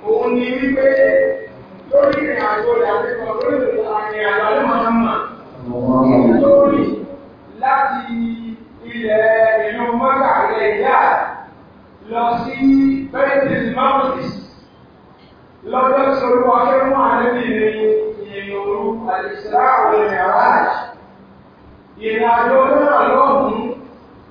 Òun ni wípé lórí ìrìn àjò ìyàwó lórí àrin àjò Mọ́hàmà lórí láti ilẹ̀ ìlú Mọ́gà ilẹ̀ ìyá lọ sí Bẹ́ẹ̀dìl Mọ́rùs lọ́dọ́ tí olúwa fẹ́ mú àlébì ìrìn òru àlèṣẹ́ láàrin àwájì. Ìrìn àjò náà lọ́hùn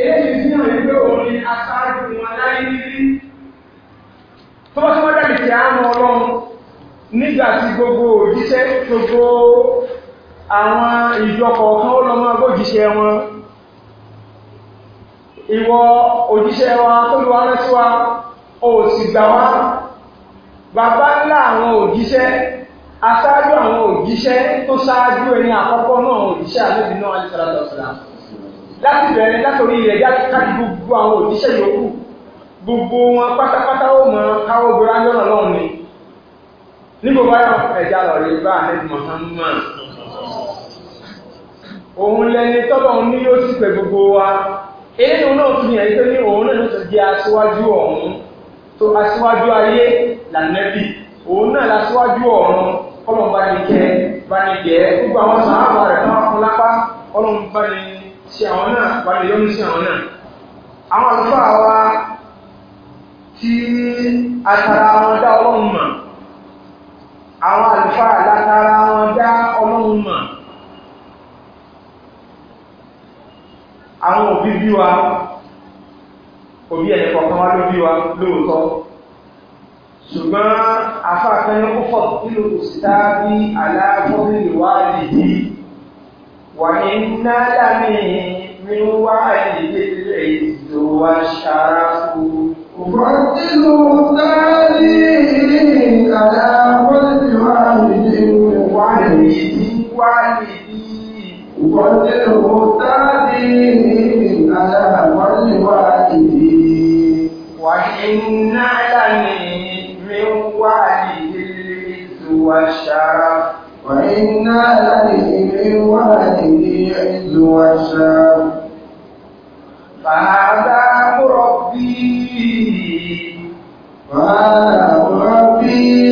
eléyìí sí àwọn ẹgbẹ́ òun ni aṣáájú wọn láyé nílí tó bá tún wọ́n dàbí kí á mọ ọlọ́run nígbà tí gbogbo òjíṣẹ́ gbogbo àwọn ìjọ kọ̀ọ̀kan ó lọ mọ́ agbójíṣẹ́ wọn ìwọ òjíṣẹ́ wa tó lọ rán sí wa ó sì gbà wá bàbá ńlá àwọn òjíṣẹ́ aṣáájú àwọn òjíṣẹ́ tó ṣáájú ẹni àkọ́kọ́ náà òjíṣẹ́ àlébìnà alẹ́sàràtọ̀sàrà láti bẹ̀rẹ̀ látòrí ilẹ̀ jáde gbogbo àwọn òjíṣẹ́ yòókù gbogbo wọn pátápátá ó mọ káwọ́ gbọ́ra ń lọ́nà lọ́rùn ni níbo bá yọ ẹ̀já lọ rí bá àmì Muhammad òun lẹni tọ́lọ̀ ní yóò sì pẹ̀ gbogbo wa eléyìí òun náà fi hàn pé ní òun náà ló ti di aṣíwájú ọ̀hún tó aṣíwájú ayé lànàbì òun náà láṣíwájú ọ̀run kọ́lọ̀ bá ní kẹ́ bá ní gẹ̀ẹ́ gbogbo àwọn sàhábà rẹ̀ náà fún lápá kọ́lọ̀ bá ní sí àwọn náà balẹ̀ yọ́nú sí àwọn náà àwọn àlùfáà wa tí atara wọn dá ọlọ́run mọ̀ àwọn àlùfáà látara wọn dá ọlọ́run mọ̀ àwọn òbí bí wa òbí ẹ̀yẹ kọ̀ọ̀kan wá ló bí wa lóòótọ́ ṣùgbọ́n afáàfẹ́ ní kó fọ̀ nínú kò sí dábí aláàbọ̀ nílùú wa nìyí. وإنا لَمِنْ وعيد العز والشرف أبدل مثالي على قلب والد والدي والدي أبدل مثالي على قلب لَمِنْ وإنا لمن من وإنا لنسمع وهذه عز وشام فهذا ربي وهذا ربي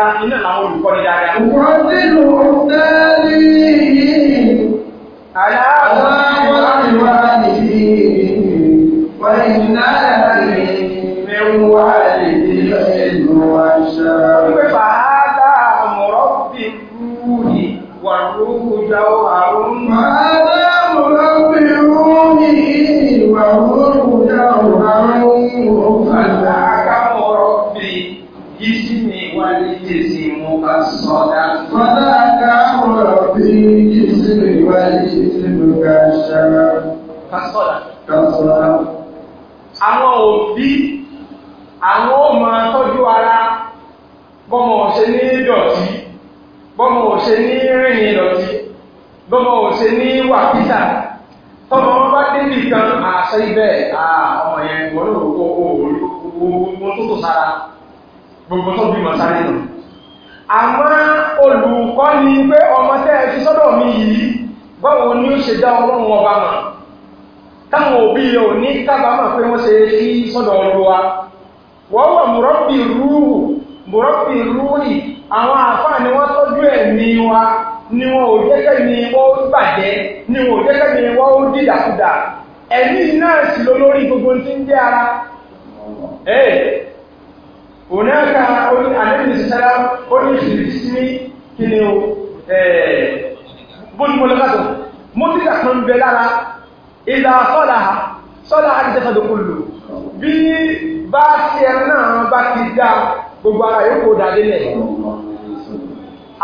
dáadáa iná làwọn olùkọ́ni dáadáa. Wọ́n ti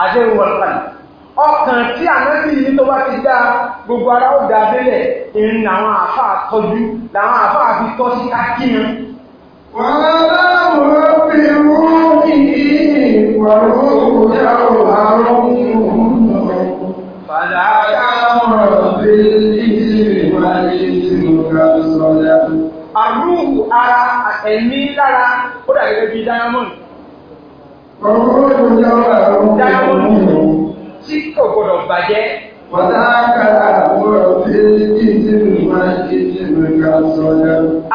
àdéhùwọ̀lọ́kàn ọkàn tí ànábì yìí tó bá ti dá gbogbo ara ó dá délẹ̀ ìrìn làwọn àáfàá tọ́jú làwọn àáfàá fi tọ́ sí kákíyan. wọ́n ara ẹ̀mí lára ó dàgẹ́gẹ́ bí diamond. Ọ̀rọ̀ òkúta òhàrọ̀ kò gbọdọ̀ bàjẹ́.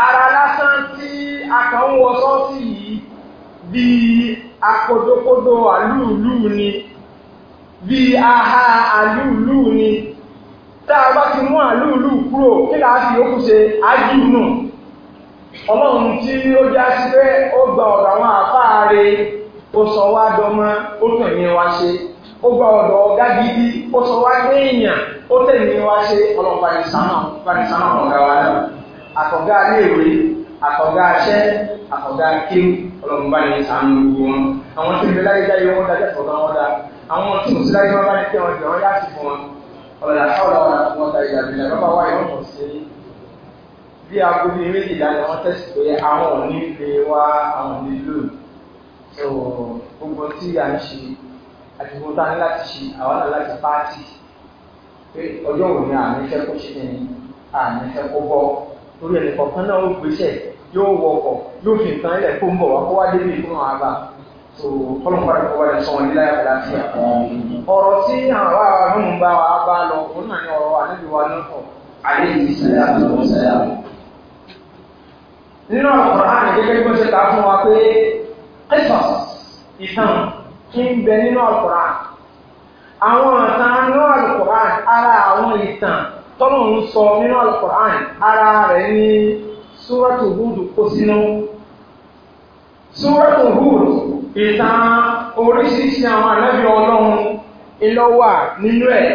Ara lásán tí a kàn ń wọ sọ́ọ̀sì yìí bí akodokodo àlúùlú ni, bí aha àlúùlú ni, tá a bá ti mú àlúùlú kúrò kí fi ó kú ṣe ájú Ọlọ́run tí ó já sí pé ó gba ọ̀rọ̀ àwọn àfáà rẹ̀ ó sọ wá dọmọ ó tẹ̀yìn wá ṣe. ó gba ọ̀dọ̀ ọ̀gá gidi ó sọ wá gbé èèyàn ó tẹ̀lé wá ṣe ọlọ́pàá ìsánà panisánà ọ̀gá wa náà àtọ̀gá iléèwé àtọ̀gá aṣẹ́ àtọ̀gá kéwù ọlọ́pàá ìsánà gbogbo wọn àwọn tí ìgbé láyé dáyé wọn dájẹ́ tọ̀gá wọn dá àwọn tí òsì láyé wọn bá ní kí wọn jẹ wọn yá sí fún wọn ọ̀làdà sáwọ́lá wọn àti wọn dáyé àbílẹ̀ bàbá wa sí bí aago bíi méjìlá ni wọ́n tẹ̀sí pé àwọn ò ní lè wá àwọn nílò gbogbo tí à ń ṣe àti gbogbo tá a ní láti ṣe àwọn náà láti pààtì pé ọjọ́ òun ni àmì fẹ́ kó ṣe ní àmì fẹ́ kó bọ́ torí ẹnì kọ̀ọ̀kan náà ó gbéṣẹ́ yóò wọkọ̀ yóò fi nǹkan ilẹ̀ kó ń bọ̀ wá kó wá débi ìfún àwọn àgbà tó kọ́lọ́pàá tó wọlé sọ wọn níláyà àlàáfíà. ọ̀rọ̀ tí àwọn ará wa ń bá wa bá lọ òun náà ní ọ̀rọ̀ àlejò wa lọ́kọ̀. àlejò sẹ́yà lọ́wọ́ sẹ́yà. nínú àkùrọ̀ àná gẹ́gẹ́ tí ń bẹ nínú Al-Qur'an àwọn ìtàn nínú Al-Qur'an ara àwọn ìtàn tọ́lọ̀ ń sọ nínú Al-Qur'an ara rẹ̀ ní súrọ́tù húdù kó sínú súrọ́tù húdù ìtàn oríṣiríṣi àwọn ànábì ọlọ́run ìlọ́wà nínú ẹ̀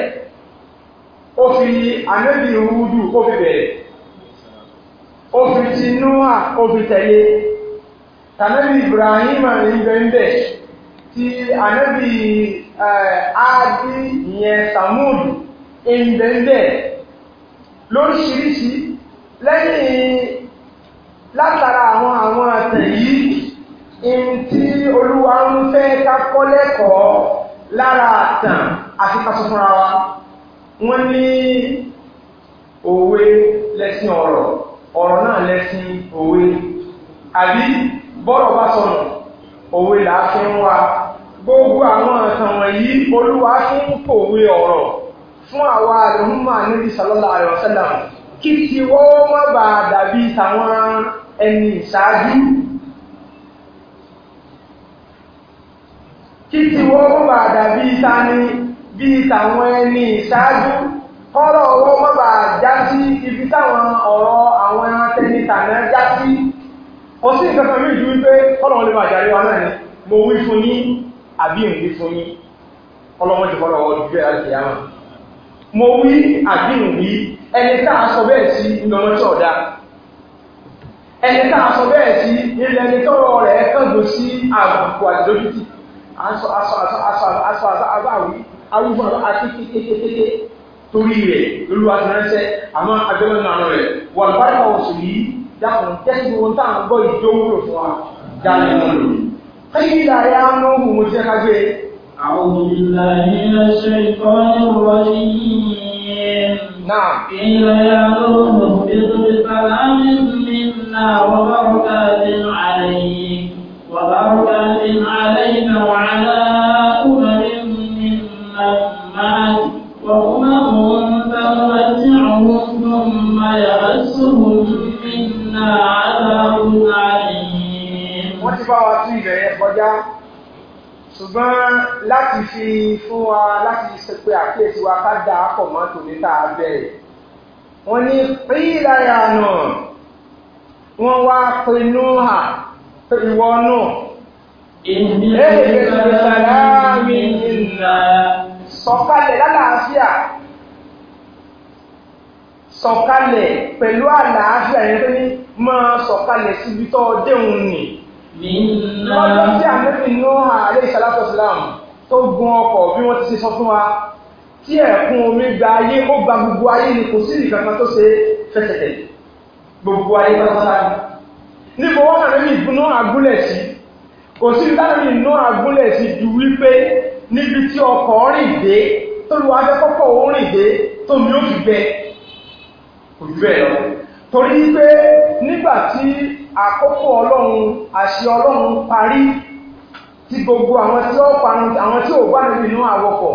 ó fi ànábì húdù ó fi bẹ̀rẹ̀ ó fi tinúwà ó fi tẹ̀lé tànábì Ibrahim ní bẹ́ẹ̀ bẹ́ẹ̀ ti ànábì adi eh, ìyẹn sàmúdù ìbẹ̀ẹ̀bẹ̀ lóríṣiríṣi lẹ́yìn látara àwọn àwọn àtẹ̀ yìí in tí olúwa ń fẹ́ kákọ́ lẹ́kọ̀ọ́ lára àtàn àti pàṣípàá wa wọ́n ní òwe lẹ́sìn ọ̀rọ̀ ọ̀rọ̀ náà lẹ́sìn òwe àbí bọ́rọ̀ bá sọnù òwe làá fi wá gbogbo àwọn ọ̀sán wọ̀nyí olúwa tún ń pòwe ọ̀rọ̀ fún àwa àdúgbò àníbi sàlọ́lá àrẹ̀wọ̀sẹ́là kí ti wọ́wọ́ má bàa dàbí tàwọn ẹni ìṣáájú kí ti wọ́wọ́ má bàa dàbí tani bí tàwọn ẹni ìṣáájú kọ́rọ̀ ọwọ́ má bàa já sí ibi táwọn ọ̀rọ̀ àwọn ẹran tẹni tàná já sí kò sí nǹkan kan méjì wípé kọ́rọ̀ wọn lè máa jàre wa náà ni mo wí fún yín àbí ìrìnlẹ̀ fún yí ọlọ́wọ́n ọdúnjẹ́ alìkìyàmà mo wí àbí ìrìnlẹ̀ ẹni táà sọ bẹ́ẹ̀ sí ìlọ́mọ́ ọ̀dá ẹni táà sọ bẹ́ẹ̀ sí ilẹ̀ ẹni tọ́rọ rẹ̀ kẹ́gbò sí àbùkù àdójútì torí rẹ̀ lórí àtìránṣẹ́ àmọ́ agbẹ́mọ́nà rẹ̀ wà báyìí wọ́n sì yí dákùn tẹ́sí قيل يا نوح متخذ أعوذ بالله من الشيطان الرجيم نعم قيل يا نوح اهبط بسلام منا وبركات عليك dà á pọ̀ mọ́ tòní tá a bẹ̀rẹ̀ wọ́n ní pílà yànà wọ́n wá pinnu hà ìwọ nù. Èyí Sọ̀kalẹ̀ pẹ̀lú àlàáfíà yẹn pé ní máa sọ̀kalẹ̀ síbi tó déhùn nì. Lọ́jọ́ tí àmì nù hà àlẹ́ ìsàlátọ̀sílámù tó gun ọkọ̀ bí wọ́n ti sọ fún wa tí ẹ̀kún omi gba ayé ó gba gbogbo ayé ni kò sí nìkan kan tó ṣe fẹsẹ̀tẹ̀ gbogbo ayé pátápátá ni níbo wọn náà ní ìbúná agúnlẹ̀ sí kò sí dáná ní ìná agúnlẹ̀ sí ju wípé níbi tí ọkọ̀ rìn dé tó lu adẹ́kọ́kọ̀ ó rìn dé tó ní ó fi bẹ kò jù bẹ́ẹ̀ lọ torí pé nígbà tí àkókò ọlọ́run àṣẹ ọlọ́run parí tí gbogbo àwọn tí ó parun àwọn tí ò bá nínú àwọkọ̀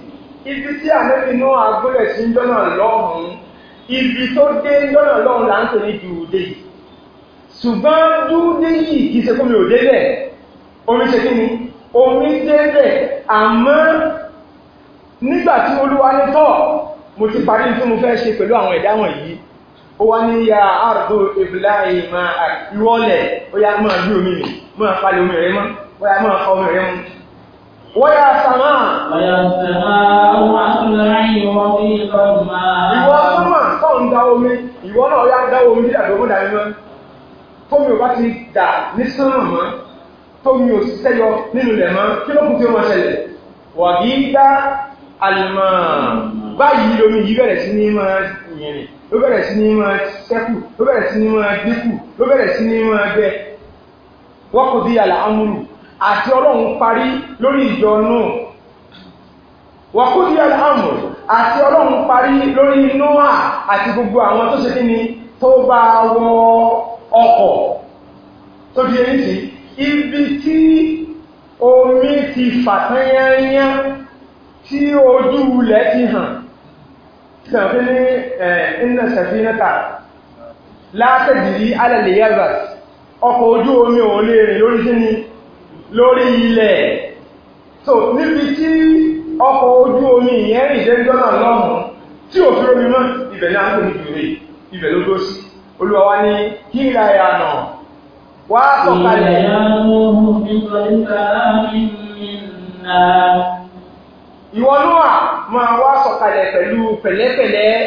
ibi tí àmẹ́bí náà agbólẹ̀ sí jọ́nà lọ́hùn ibi tó dé jọ́nà lọ́hùn là ń pè ní dùúdé yìí ṣùgbọ́n dúdé yìí kì í ṣe kómi ò délẹ̀ omi ṣe kí ni omi délẹ̀ àmọ́ nígbàtí olúwa ní tọ́ mo ti parí tí mo fẹ́ ṣe pẹ̀lú àwọn ẹ̀dá wọ̀nyí ó wá ní ya àrùdó ìbìlá ìmọ̀ ìwọ́lẹ̀ ó yá máa bí omi rẹ̀ máa falẹ̀ omi rẹ̀ mọ́ ó yá máa fa omi mọ́ wọ́yà sàmà. wọ́yà sàmà àwọn akúnlẹ́yìn wọn bí ìlọ máa. ìwọ sọ́mà tó ń da omi ìwọ náà yá da omi dídà tó ń da iná tómi ò bá ti dà ní sánmà mọ́ tómi ò sì sẹ́yọ nínú ilẹ̀ mọ́ kí ló kù tí ó máa ṣẹlẹ̀ wà kí í dá àlùmọ́ báyìí lomi yìí bẹ̀rẹ̀ sí ní máa yẹn ni ló bẹ̀rẹ̀ sí ní máa sẹ́kù ló bẹ̀rẹ̀ sí ní máa dínkù ló bẹ̀rẹ̀ sí ní máa bẹ wọ́n kò bí àti ọlọ́run parí lórí ìjọ náà wọ̀kúdí alhamdu àti ọlọ́run parí lórí noa àti gbogbo àwọn tó ṣe kí ni tó bá wọ ọkọ̀ tó di èyí sí ibi tí omi ti fàtányányá tí ojú ilẹ̀ ti hàn tàbí ní iná sàfínátà látàdìrí alàlèyàzà ọkọ̀ ojú omi ò lè rìn lórí sí ni lórí ilẹ̀ so níbi tí ọkọ̀ ojú omi ìyẹn rìn jẹ́ jọ́nà lọ́hùn tí ò fi omi náà ibẹ̀ ní àgbò ní ìrè ibẹ̀ ló dó sí olúwa wa ní kíra ìrànà wá sọ̀kalẹ̀ ìwọ náà máa wá sọ̀kalẹ̀ pẹ̀lú pẹ̀lẹ́pẹ̀lẹ́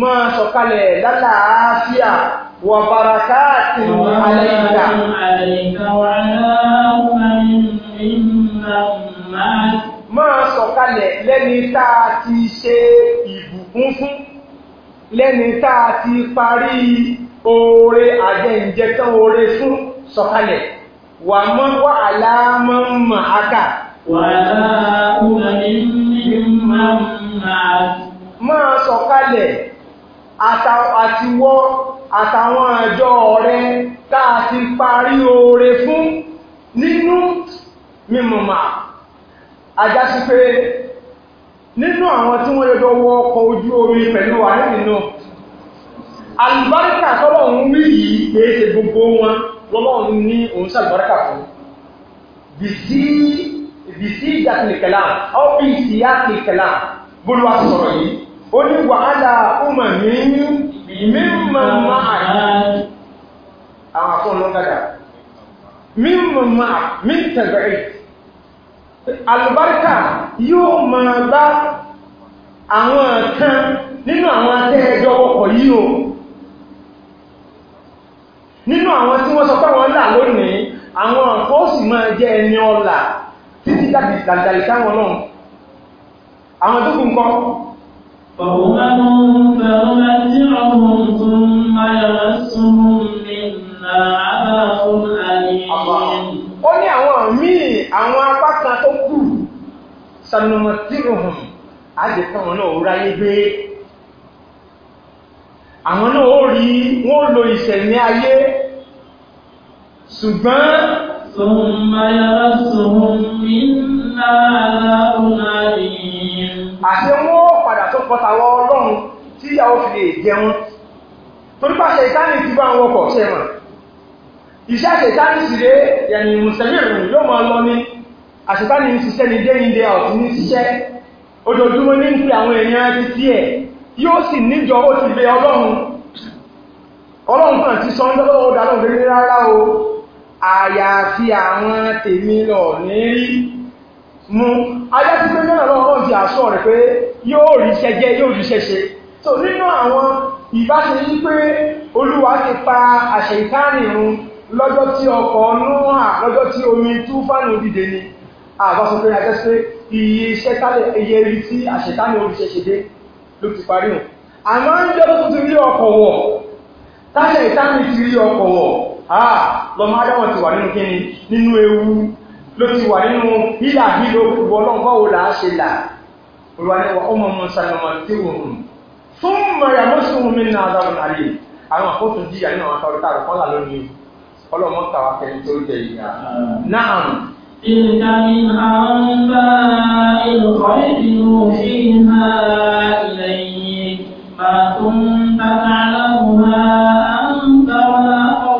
máa sọ̀kalẹ̀ lálàáfíà wà bàràkáàtì àlẹ́ ìgbà máa sọ̀kalẹ̀ lẹ́ni táa ti ṣe ìbùkún fún lẹ́ni táa ti parí oore àjẹ́ǹjẹ́tán oore fún sọ̀kalẹ̀ wà mọ́ wà aláàmọ́ mọ̀ ákà wà aláàmọ́ máa sọ̀kalẹ̀ àtiwọ́ àtàwọn àjọ ọ̀rẹ́ táa ti parí oore fún nínú mímọ̀mà àjásí pé nínú àwọn tí wọ́n yọjọ́ wọ ọkọ̀ ojú omi pẹ̀lú àrẹ́mì náà alùbáríkà tọ́lọ̀un wí yìí pé ṣe gbogbo wọn lọ́lọ́run ní òun sàlùbáríkà fún bí sí ìjàkìlìkẹ̀lá ọ́bí ìsìyàkìlìkẹ̀lá bólúwà sọ̀rọ̀ yìí ó ní wàhálà ọmọ mi mímọ̀ máa mímọ̀ máa mí tẹ̀bẹ̀rẹ̀ alùbáríkà yóò máa bá àwọn kan nínú àwọn atẹ́ẹjọ́ ọkọ̀ yìí o nínú àwọn tí wọ́n sọ pé wọ́n là lónìí àwọn ọ̀pọ̀ sì máa jẹ́ ẹni ọlà títí dàbí dàdàrí sáwọn náà àwọn tó kún kọ́ فَأُمَمٌ فَأُمَتِّعُهُمْ ó ní àwọn míì àwọn apá kan tó kù sanumọtìrùhùn àjẹkọ àwọn náà ó ráyé gbé àwọn náà ó rí wọ́n lo ìṣẹ̀lẹ̀ ayé ṣùgbọ́n àti wọ́n padà tó pọ̀tàwọ́ ọlọ́run tí ìyàwó fi lè jẹun torípàṣẹ ìtàní ti bá wọn kọ̀ ṣẹ́mọ̀ iṣẹ́ àṣẹ̀tánì sì rẹ̀ yẹni mùsùlùmí ìrìn yóò máa lọ ní àṣẹ̀tánì ń ṣiṣẹ́ ní day in day out ní ṣiṣẹ́ ojoojúmọ́ ní ń pè àwọn èèyàn ti tí ẹ̀ yóò sì níjọ ó ti bẹ ọlọ́run ọlọ́run kan ti sọ ńlọ́wọ́ dálọ́ gẹ́gẹ́ o àyàfi àwọn tèmi lọ ní rí mú ajásí pé náà lọ́wọ́ ti àṣọ rẹ̀ pé yóò rí iṣẹ́ jẹ́ yóò rí iṣẹ́ ṣe so nínú àwọn ìbáṣe yí pé olúwa ti pa àṣẹ ìtánì run lọ́jọ́ tí ọkọ̀ núwà lọ́jọ́ tí omi tú fánù dìde ni àbásọpẹ́ àjẹ́sẹ́ iye iṣẹ́ tálẹ̀ ẹyẹ rí tí àṣẹ̀tánì oríṣẹ́ṣẹ́dé ló ti parí hàn àmọ́ ń jẹ́ tó ti rí ọkọ̀ wọ̀ táṣẹ̀ ìtánì ti rí ọkọ̀ wọ̀ àà lọ́mọ adáwọ̀ ti wà nínú kíni nínú ewu ló ti wà nínú hílà hílò gbogbo ọlọ́gbọ́wò là á ṣe là olùwàníwà ọmọ ọmọ sàlọmọ tí wò hùn fún mọ̀yàmọ́sùn mi náà dáwọn àlè àwọn àkóso jíyà nínú àwọn akọrọtà rẹ̀ kọ́là lónìí ọlọ́mọ tàwa kẹrin tó jẹ ìyá. náà. ìlkà mi àwọn bá ìlúkọ ìdìbò sí ìhà ilẹ̀ yìí máa tún tàbí aláwòrán àǹtà wà ta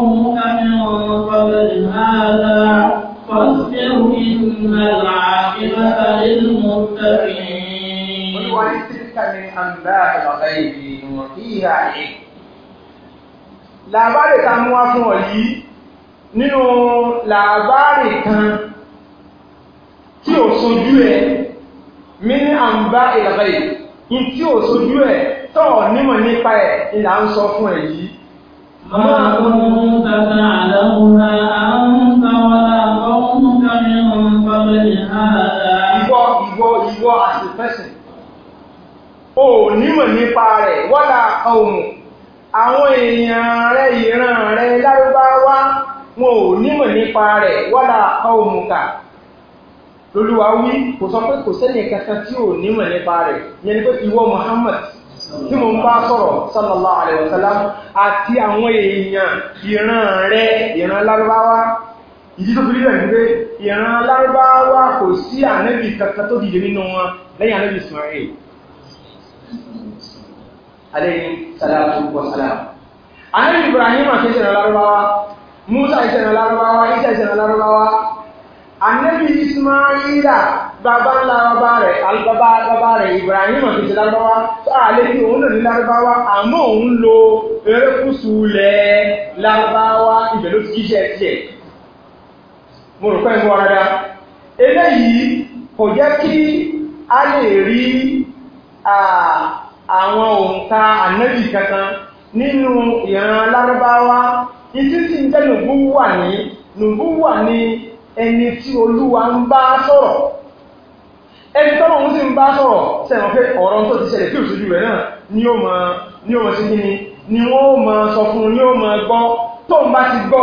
mú wá fún ọ yìí nínú làbárì kan tí ò sojú ẹ̀ mí ní àmbá ìlàbẹ̀ yìí tí ò sojú ẹ̀ tọ́ nímọ̀ nípa ẹ̀ ìlà ń sọ fún ẹ̀ yìí ما كنت تعلمها أنت ولا قومك من قبل هذا ìwọ ìwọ ìwọ as a person o nímọ̀ nípa rẹ̀ wọ́lá ọmọ àwọn èèyàn rẹ̀ ìran rẹ̀ lárúbáwá wọn ò nímọ̀ nípa rẹ̀ wọ́lá ọmọkà lólúwa wí kò sọ pé kò sẹ́ni kankan tí ò nímọ̀ nípa rẹ̀ yẹn pé ìwọ Muhammad tí mo ń bá sọ̀rọ̀ sallallahu alaihi wasallam àti àwọn èèyàn ìran rẹ̀ ìran lárúbáwá ìdí tó fi rí rẹ̀ pé ìran lárúbáwá kò sí ànábì kankan tó dìde nínú wọn lẹ́yìn ànábì Ismail alaihi salatu wa salam ànábì Ibrahim àti ìran lárúbáwá Musa ìṣẹ̀nà lárúbáwá, Isa ìṣẹ̀nà lárúbáwá. Ànábì Ismaila bàbá ńlá bàbá rẹ̀, bàbá bàbá rẹ̀ Ibrahim àti ìṣẹ̀ lárúbáwá. Sọ àlẹ́ bí òun náà ní lárúbáwá, àmọ́ òun lo erékùsù lẹ̀ lárúbáwá ibẹ̀ ló ti jíṣẹ́ tiẹ̀. Mo rò pé ń wọ rárá. Eléyìí kò jẹ́ kí a lè rí àwọn òǹkà ànábì kankan nínú ìran lárúbáwá ìdí tí ń jẹ́ nùbú wà ní nùbú wà ní ẹni tí olúwa ń bá sọ̀rọ̀ ẹni tọ́lọ̀ ń sì ń bá sọ̀rọ̀ sẹ́wọ̀n pé ọ̀rọ̀ tó ti ṣẹlẹ̀ kí òṣèlú rẹ̀ náà ni ó mọ ní ó mọ sí kí ni ni wọ́n ó mọ sọ fún ni ó mọ gbọ́ tó ń bá ti gbọ́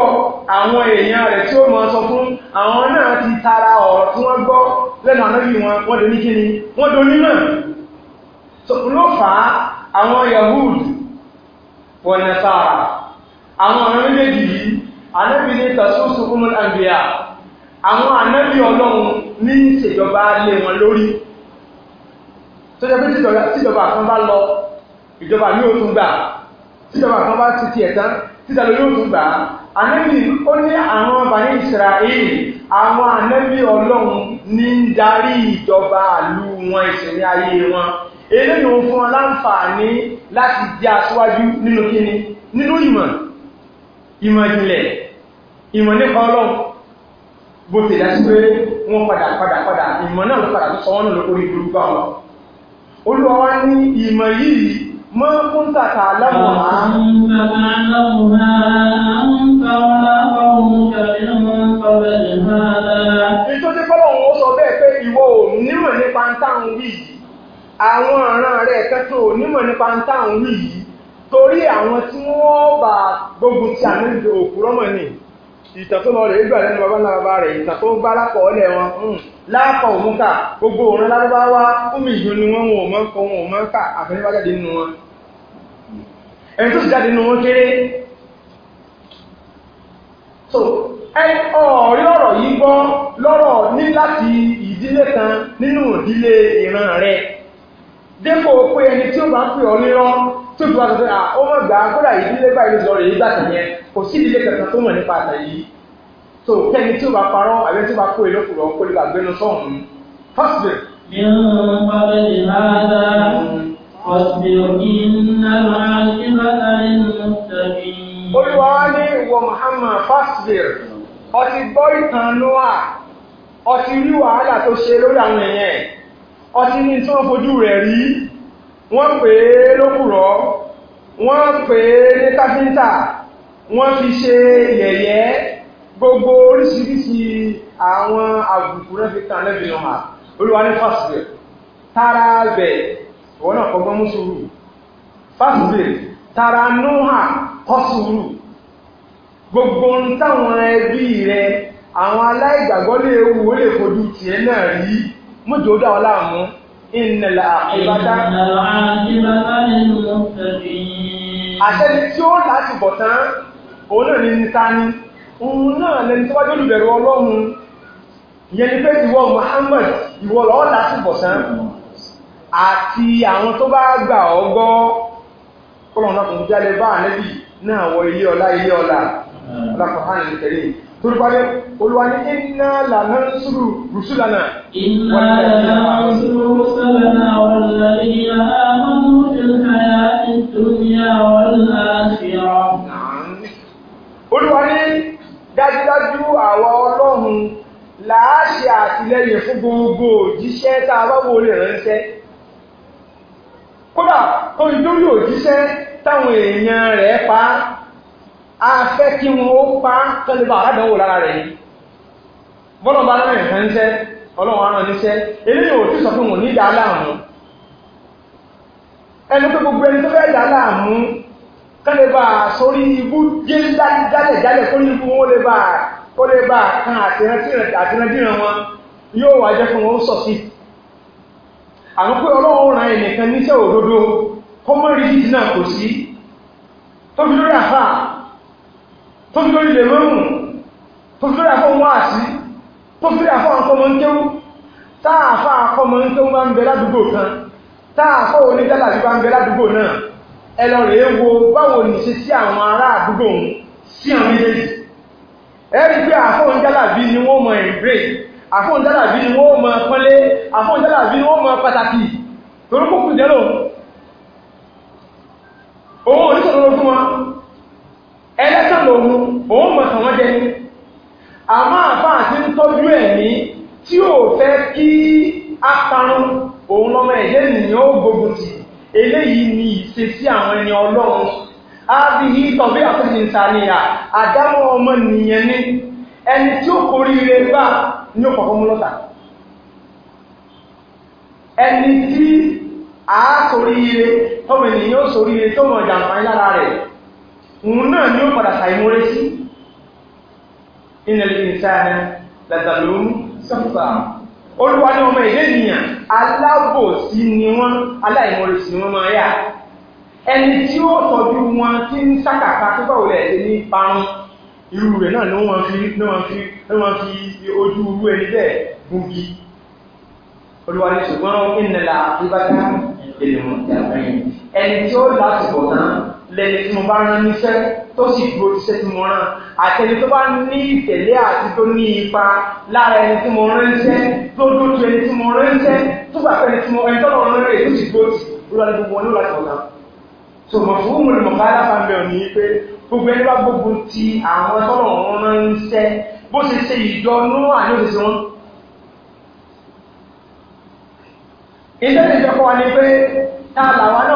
àwọn èèyàn rẹ̀ tí ó mọ sọ fún àwọn náà ti tara ọ̀rọ̀ tí wọ́n gbọ́ lẹ́nu ànábì wọn wọ́n do ní kí ni wọ́n do ní náà ló fà á àwọn Yahud wọ̀nẹ̀sára àwọn ọ̀rọ̀ méjèèjì yìí anábì ní tàṣóṣù women ambia àwọn anábì ọlọ́run ní ìṣèjọba lé wọn lórí tó jẹ́ pé tíjọba kan bá lọ ìjọba ní ó gbà tíjọba kan bá ti tiẹ̀ tán títà lórí ó gbà anábì ó ní àwọn ọba ní Israel àwọn anábì ọlọ́run ní ń darí ìjọba ìlú wọn ìṣẹ̀lẹ̀ ayé wọn eléyìí fún wọn láǹfààní láti jẹ́ aṣíwájú nínú kíni nínú ìmọ̀ ìmọ̀ ìjìnlẹ̀ ìmọ̀ nípa ọlọ́run bó ti dá sí pé wọ́n padà padà padà ìmọ̀ náà ló padà tó sọ wọ́n nù lórí ìlú bá wọn olúwa wá ní ìmọ̀ yìí mọ́ fún tàtà aláwọ̀ àwọn ọ̀ràn rẹ̀ kẹ́tò onímọ̀ nípa ń táwọn yìí torí àwọn tí wọ́n bá gbógun ti àmì ìdò òkúrọ́ mọ̀ ní ìtàn tó lọ rẹ̀ ìgbà lẹ́nu bàbá náà bá rẹ̀ ìtàn tó ń bá lápọ̀ ọ̀lẹ̀ wọn lápọ̀ òmúkà gbogbo òun lárúbáwá fúnmi ìjọ ni wọ́n wọn mọ́kọ wọn mọ́kà àfẹnibájáde nínú wọn ẹni tó sì jáde nínú wọn kéré so ọ̀rí ọ̀rọ̀ yìí gbọ́ lọ́rọ̀ ní láti ìdílé kan nínú ìdílé ìran rẹ̀ dépò pé ẹni tí ó bá pè ọ́ nírọ́ tó ju aṣọ pé à ó mọ̀ gbà kódà ìdílé báyìí ló rẹ̀ nígbà tàn yẹn kò sí ìdílé kankan tó mọ̀ nípa àtà yìí tó kẹ́ni tí ó bá parọ́ àbẹ́ tí ó bá kó ìlókù e lọ kó lè bá gbénu sọ́hùn fásitì. yóò máa ìhádà ọ̀sìn ìnà máa ń kí bá tàbí nínú ní ìwọ Muhammad fásitì ọtí gbọ́ ìtàn Noah ọtí rí wàhálà tó ṣe lórí àwọn èèyàn ọtí ní tí wọ́n fojú rẹ̀ rí wọ́n pè é lókùrọ̀ wọ́n pè é ní káfíńtà wọ́n fi ṣe yẹ̀yẹ́ gbogbo oríṣiríṣi àwọn àbùkù rẹ̀ fi tàn lẹ́bìnrin ọ̀hà olúwa ní fásitì tara bẹ̀ wọ́n náà kọ́gbọ́n mú sùúrù fásitì tara núhà kọ́ mọ́jọ́ dá ọlá mú ìnìlà àìbátá àṣẹ́ni tí ó láti bọ̀ tán òun náà ní níta ní òun náà lẹni tó wájú olùbẹ̀rù ọlọ́run ìyẹn pé ìwọ Muhammad ìwọ lọ́ọ́ láti bọ̀ tán àti àwọn tó bá gbà ọgọ́ kọ́lọ̀ náà kò jálẹ̀ bá ànẹ́bì náà wọ ilé ọlá ilé ọlá ọlá kọ̀hánì kẹrin turubare olúwa ní iná lànà ń sùrù rùsùlànà. iná lànà ń sùrù rùsùlànà wàlàyé àmàlù ìlànà ìtòmíà wàlàfíà. olúwa ní dájúdájú àwa ọlọ́run làá ṣe àtìlẹyìn fún gbogbo òjíṣẹ́ tá a bá wo lè ránṣẹ́. kódà tó ń dórí òjíṣẹ́ táwọn èèyàn rẹ̀ pa á. afẹ́ kí wọn ó pa tọ́lébà aládánwò lára rẹ̀ yìí bọ́lọ̀ bá lọ́rẹ̀ ìfẹ́ ńṣẹ́ ọlọ́run aràn níṣẹ́ eléyìí ò tí sọ fún wọn ní ìdá ẹni pé gbogbo ẹni tó fẹ́ ìdá aláàmú kọ́lébà sórí ibú jẹ́ sọ náà kò sí tó fi tó fi lórí lè mọ́rùn tó fi lórí àfọ́n wá sí tó fi lórí àfọ́n akọmọ ń kéwú táàfà akọmọ ń kéwú bá ń bẹ ládùúgbò kan táàfà onídàlà sí bá ń bẹ ládùúgbò náà ẹlọ rẹ̀ wo báwo ní ṣe sí àwọn ará àdúgbò sí àwọn méjèèjì ẹ̀rí pé àfọ́n jálàbí ni wọ́n mọ̀ ẹ̀gbẹ́ àfọ́n jálàbí ni wọ́n mọ̀ pọ́nlé àfọ́n jálàbí ni wọ́n mọ̀ pàtàkì torúkú kùjẹ́lò òun oníṣòro fún wọn ẹlẹ́sàn lòun òun mọ̀ sàn wọ́n jẹ ní àmọ́ àfáà ti ń tọ́jú ẹ̀mí tí ò fẹ́ kí aparun òun lọ́mọ ẹ̀jẹ̀ nìyẹn ó gbógun tì eléyìí ni ìṣesí àwọn ẹni ọlọ́run ábíyí tọ̀bí àfẹ́sìntàníyà àdámọ́ ọmọ nìyẹn ní ẹni tí ó kórí rẹ̀ bá ní ọ̀pọ̀pọ̀ mú lọ́ta ẹni tí àátorí rẹ̀ tọ́mọ ènìyàn ó òun náà ni ó padà ṣàìmúré sí inal insana latàlóhun sọ́fà olúwa ní ọmọ ìdé ènìyàn alábòsí ni wọ́n aláìmúré sí wọ́n máa yà ẹni tí ó tọ́jú wọn tí ń sákàkà tó bá wọlé ẹ̀dẹ́ ní parun irú rẹ̀ náà ni wọ́n fi ojú irú ẹni bẹ́ẹ̀ gúngi olúwa ní ṣùgbọ́n ìnàlà ìbátá ènìyàn ẹni tí ó lásìkò náà lẹ́ni tí mo bá rán níṣẹ́ tó sì dúró iṣẹ́ tí mo rán àtẹni tó bá ní ìtẹ̀lé àti tó ní ipa lára ẹni tí mo rán níṣẹ́ tó dójú ẹni tí mo rán níṣẹ́ tó gbà pẹ́ni tí mo ẹni tó lọ́rọ̀ rẹ̀ tó sì dúró olùwàlẹ̀ gbogbo wọn ló láti ọ̀gá. tó mọ̀ fún mi mọ̀ ká láfa ń bẹ̀ ọ̀ ní pé gbogbo ẹni bá gbogbo ti àwọn tọ́lọ̀ wọn rán níṣẹ́ bó ṣe ṣe ìjọ níwọ̀n àní òṣìṣẹ́ wọn.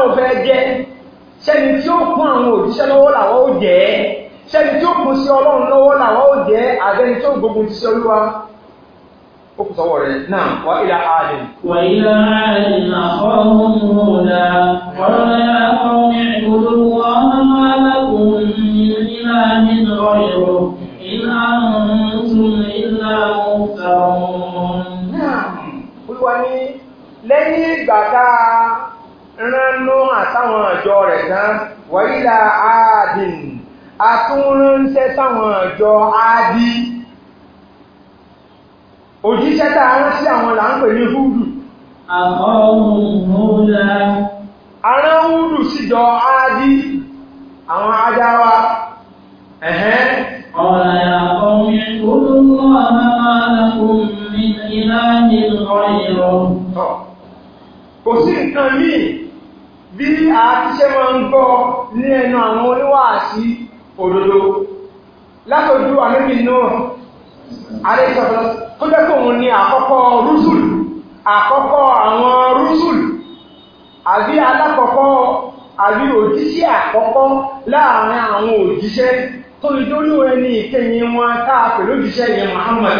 ìṣẹ́ ṣẹ́ni tí ó kún àwọn òjíṣẹ́ lọ́wọ́ làwọn ó jẹ́ ṣẹ́ni tí ó kún sí ọlọ́run lọ́wọ́ làwọn ó jẹ́ àbẹ́ni tí ó gbógun ti ṣe olúwa ó kù sọ́wọ́ rẹ̀ náà wà ilá ààrẹ lẹ́yìn ìgbà rán ló àtàwọn àjọ rẹ̀ tán wàílà àádìn àtúnránṣẹ́ sáwọn àjọ àádí òjíṣẹ́ tàà rán sí àwọn là ń pè ní húdù àrán húdù síjọ àádí àwọn ajáwa ẹ̀hẹ́n ọ̀rọ̀ àyàkọ́ kò sí nǹkan míì bí a ti ṣe máa ń gbọ́ ní ẹnu àwọn oníwàásí òdodo látòjú àníbì náà alẹ́sọ̀tọ̀ tó dẹ́kùn ní àkọ́kọ́ rúsùl àkọ́kọ́ àwọn rúsùl àbí alákọ̀ọ́kọ́ àbí òjíṣẹ́ àkọ́kọ́ láàrin àwọn òjíṣẹ́ tó ìdórí ẹni ìkẹyìn wọn táà pẹ̀lú òjíṣẹ́ yẹn Muhammad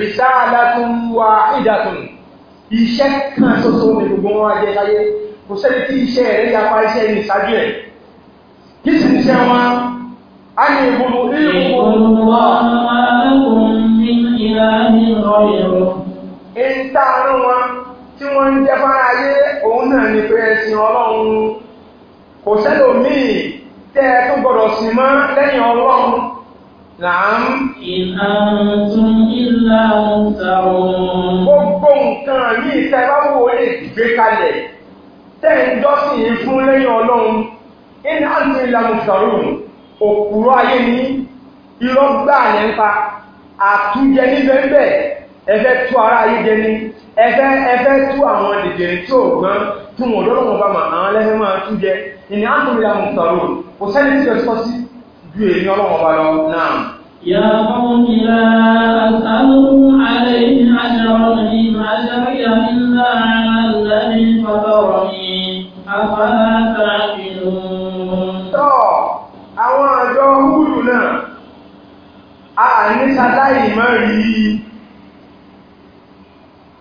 risalatun wahidatun iṣẹ́ kan ṣoṣo ní gbogbo wọn ajẹ́ láyé kò sẹ́ni tí iṣẹ́ rẹ̀ yapa iṣẹ́ ní ìsájú ẹ̀ kí sì ní iṣẹ́ wọn a ní ìbúrú ìrìnbùrú kò sẹ́lò míì tẹ́ tó gbọdọ̀ sí mọ́ lẹ́yìn ọlọ́run láàm ìhàntún ìlàmùtàrùn gbogbo nǹkan yìí tẹ́ bá wò lè gbé kalẹ̀ tẹ́yìn jọ́sìn yìí fún lẹ́yìn ọlọ́run in àti ìlànà sàrùn òkúrò ayé ní ìrọ́gbà nípa àtújẹ níbẹ̀ ń bẹ̀ ẹfẹ́ tú ara ayé jẹ ní ẹfẹ́ ẹfẹ́ tú àwọn dìdìrì tí ò gbọ́n tí wọ́n lọ́lọ́wọ́ bá mà àwọn lẹ́fẹ́ máa tújẹ in àti ìlànà sàrùn kò sẹ́ni tí ó sí ju èyí ọlọ́wọ́ bá lọ náà يا قوم لا أسألكم عليه أجرا إن أجري إلا على الذي فطرني Tọ́ àwọn àjọ húrù náà, a ní sàdáì mọ́ rí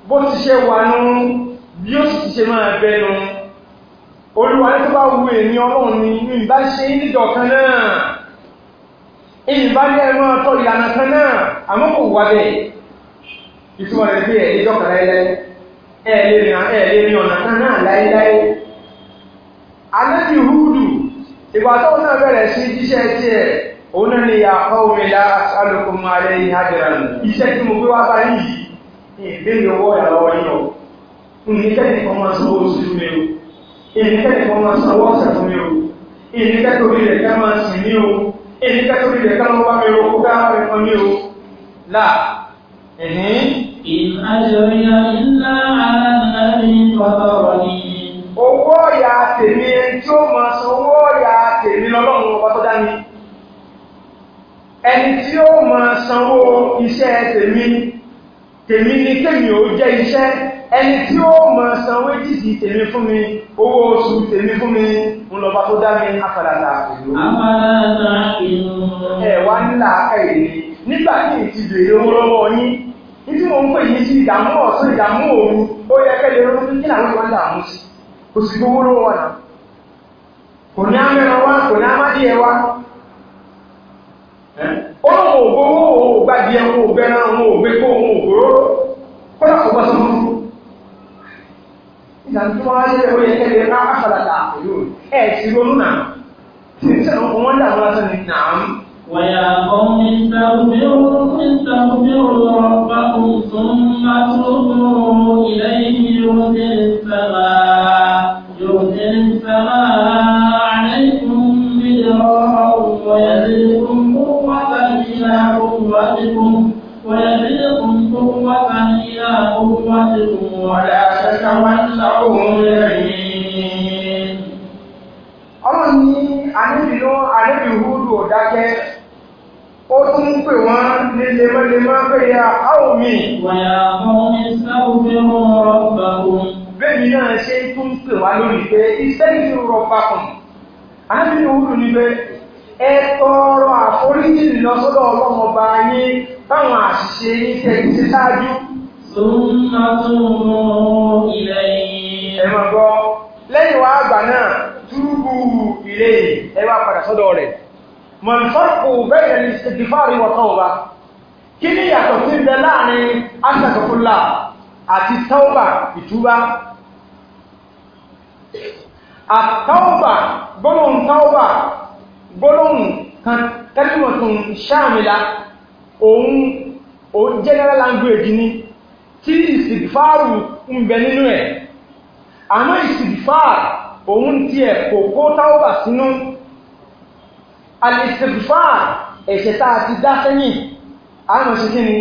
bó ti ṣe wà nú bí ó sì ṣe máa bẹnu. Olúwa ní tó bá wu èmi ọlọ́run ni inú ìbá ṣe nídọ̀ kan náà. Ìbá ní ẹ̀rọ ọ̀tọ̀ ìlànà kan náà, àmọ́ wà bẹ̀. Ìtumọ̀ rẹ̀ bí ẹ̀ ìjọ kan ọ̀nà kan náà láíláí. Ànábì Húdù, ìgbà tó náà bẹ̀rẹ̀ sí jíṣẹ́ tí ẹ̀, òun náà ni àkọ́ omi láàrùkún máa rẹ̀ ní àjẹ́rà nù. Iṣẹ́ tí mo gbé wá bá yìí, ìbéèrè owó ìrànlọ́wọ́ yìí lọ. Ìníkẹ́ni kan máa sanwó oṣù fún mi o. Ìníkẹ́ni kan máa sanwó ọ̀sẹ̀ fún mi o. Ìníkẹ́ni orí owó ọ̀yà tèmi ẹni tí ó mọ̀ san owó ọ̀yà tèmi lọ́lọ́run ọba tó ẹni tí ó mọ̀ sanwó iṣẹ́ tèmi ni tèmi ó jẹ́ iṣẹ́ ẹni tí ó mọ̀ sanwó ètìtì tèmi fún mi owó oṣù tèmi fún mi ń lọ́ba tó dá mi ìlú. ń pè sí kò sì gbogbo ló wà náà kò ní o o o o amádìẹ wá o ò o o ò gbadìẹ o o gbẹran òun ò gbẹkó òun ò gbòòrò kọ́lá kò bá o fún ìlànà tó wáyé ẹ̀rọ yẹn kẹ́lẹ́ náà àfàlàdà àpèlú ẹ̀ sì o náà tí ń sẹ́nu wọn dàgbà lásán ní nàá ويا قوم استغفروا استغفروا ربكم ثم توبوا إليه يرسل السماء كما عليكم بدرارا ويزدكم قوة إلى قوتكم قوة إلى قوتكم ولا تتولوا مجرمين ọlọ́run ní àníbìnú àníbìhúdù ọ̀dákẹ́ ó tún ń pè wọ́n ní lemọ́lemọ́ pé ya áwòmí wàyà bẹ́ẹ̀ni náà ṣe tó ń pè wá lórí pé ìṣẹ́lẹ̀ fi rọ papọ̀ àmì òwúrò ní pé ẹ tọrọ àforíjì lọ́sọ́dọ̀ ọlọ́mọ bá yín àṣìṣe yín tẹ̀lé ṣe ni Sèkìfáàrí wọ̀tán ọba. Kí ni ìyàtọ̀ tí ń láàrin Asàkọ̀kúnlá àti Tọ́ọ̀bà ìtúbá àtọ́ọ̀bà gbólóhùn tọ́ọ̀bà gbólóhùn kan tẹ́lìmọ̀tún ṣàmìlá òun o general language ni tí ìsìdìfáàrù ń bẹ nínú ẹ̀ àmọ́ ìsìdìfáàrù òun ti ẹ̀ kò kó tọ́ọ̀bà sínú alìsìdìfáàrù ẹ̀ṣẹ̀ tá a ti dá sẹ́yìn àmọ́ sí kí ni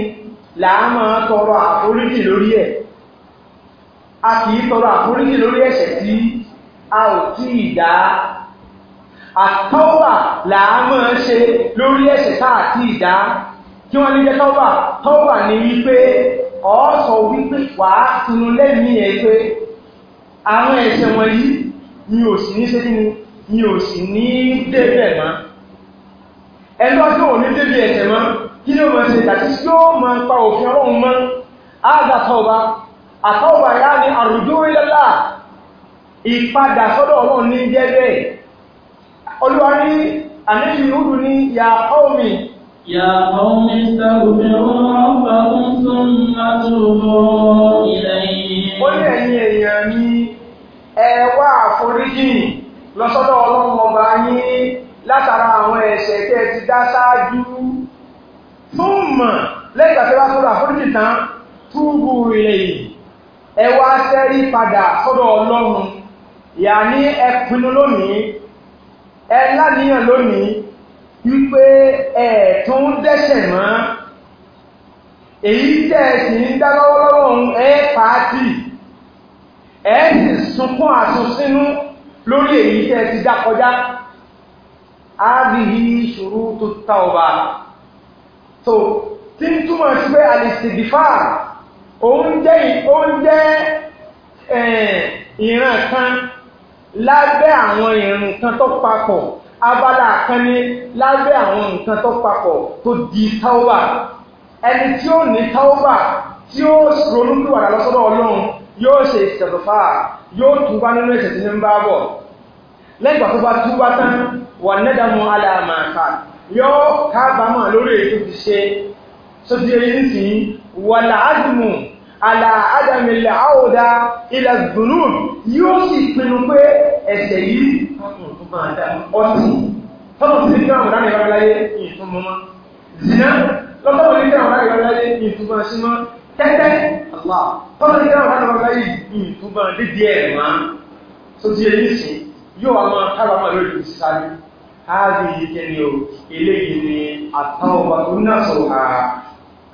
a kì í tọrọ àforíjì lórí ẹ̀ṣẹ̀ tí a ò tí ì dá àtọ́wà là á máa ṣe lórí ẹ̀ṣẹ̀ tá a ti ìdá kí wọ́n níjẹ́ tọ́wà tọ́wà ní wípé ọ̀ọ́sọ̀ wípé wà á túnú lẹ́mí ẹ̀ pé àwọn ẹ̀ṣẹ̀ wọ̀nyí ni ò sì ní ṣe kí ni ò sì ní débẹ̀ mọ́ ẹni ọjọ́ ò ní débẹ̀ ẹ̀ṣẹ̀ mọ́ kí ló máa ṣe tàbí tí ó máa pa òfin ọlọ́run mọ́ ágàtọ̀ ọba àtọ́wà yá ni àrùjú ìlọ́lá ìpadà sọ́dọ̀ ọlọ́run ní jẹ́ bẹ́ẹ̀ olúwa ní àníṣì lúdù ní ya ọ́mì ya ọ́mì lọ́sọ́dọ̀ ọlọ́run ọba yín látara àwọn ẹ̀ṣẹ̀ tẹ́ ti dá sáájú fún mọ̀ lẹ́gbàtẹ́wà tó rà fún ìtàn túbú ilẹ̀ yìí ẹ wá sẹ́rí padà sọ́dọ̀ ọlọ́run yà ní ẹ pinnu lónìí ẹ láníyàn lónìí wípé ẹ tún dẹ́ṣẹ̀ mọ́ èyí tẹ́ ẹ sì ń dá lọ́wọ́lọ́wọ́ ohun ẹ pàátì ẹ sì sunkún àsunsínú lórí èyí tẹ́ ẹ ti dá kọjá ábìhí ṣòro tó ta ọba tó tí ń túmọ̀ sí pé àlè òun jẹ́ òun jẹ́ ìran kan lábẹ́ àwọn ìrìn kan tó papọ̀ abala kan ní lábẹ́ àwọn nǹkan tó papọ̀ tó di táwọ́bà ẹni tí ó ní táwọ́bà tí ó ronúlùwàdà lọ́sọ́dọ̀ ọlọ́run yóò ṣe ìṣẹ̀tọ̀fà yóò túbá nínú ẹ̀ṣẹ̀ tí ń bá bọ̀ lẹ́gbà tó bá túbá tán wà nẹ́dàmú alàmàkà yóò kábàámà lórí èyí tó ti ṣe sódì ẹyí nísìnyí wàlàádùmù àlàádàmìlà àwòdá ilẹ̀ gbùnú yóò sì pinnu pé ẹ̀ṣẹ̀ yìí ọtí tọ́bù sí ní àwọn ìdáni ìrọ̀láyé ìfúnmọ́mọ́ zina lọ́tọ́bù sí ní àwọn ìrọ̀láyé ìfúnmọ́símọ́ tẹ́tẹ́ tọ́bù sí ní àwọn ìrọ̀láyé ìfúnmọ́ dídí ẹ̀ máa tó ti èyí sí yóò wà máa kára máa lórí ìsáyé áàbì yìí kẹ́ni o eléyìí ni àtàwọn ọba tó náà sọ̀rọ̀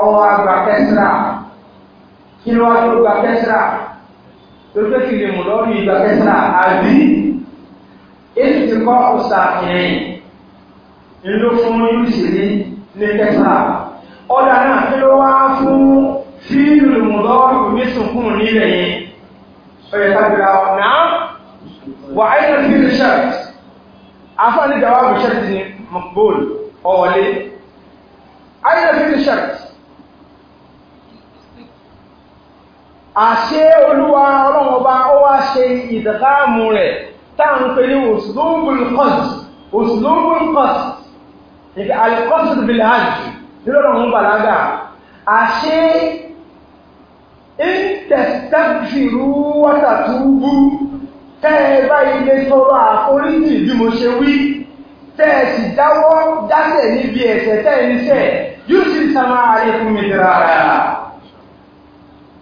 ọwọ́ àgbà kẹsìrà kí ló wá ló gba kẹsìrà ló pé kí lè mú lọ́rù ìgbà kẹsìrà àbí èyí ti kọ́ ọ̀sà ìrìn nínú fún yúùsìlì ní kẹsìrà ọ̀dà náà kí ló wá fún fíìlù mú lọ́rù ní sùnkún nílẹ̀ yẹn ọ̀yẹ̀ tábìlà ọ̀nà wà á yẹ fíìlù ṣẹ́ẹ̀t afáàní jàwáàbù ni mọ̀gbọ́ọ̀lù ọ̀wọ́lé á yẹ fíìlù àṣé olúwa ọlọ́run ọba ó wá ṣe ìdàkáàmù rẹ̀ táà ń pè ní uslubul qasd uslubul qasd ìgbà al-qasd bil-hajj nílọ́rọ̀ ọ̀hún bàlágà àṣé ìtẹ̀sítẹ́fìrú wátàtúbú tẹ́ ẹ bá ilé tọrọ àforíjì dáwọ́ dásẹ̀ níbi ẹ̀ṣẹ̀ tẹ́ níṣẹ́ yóò sì sàmà àríkùnmìtìrà rẹ̀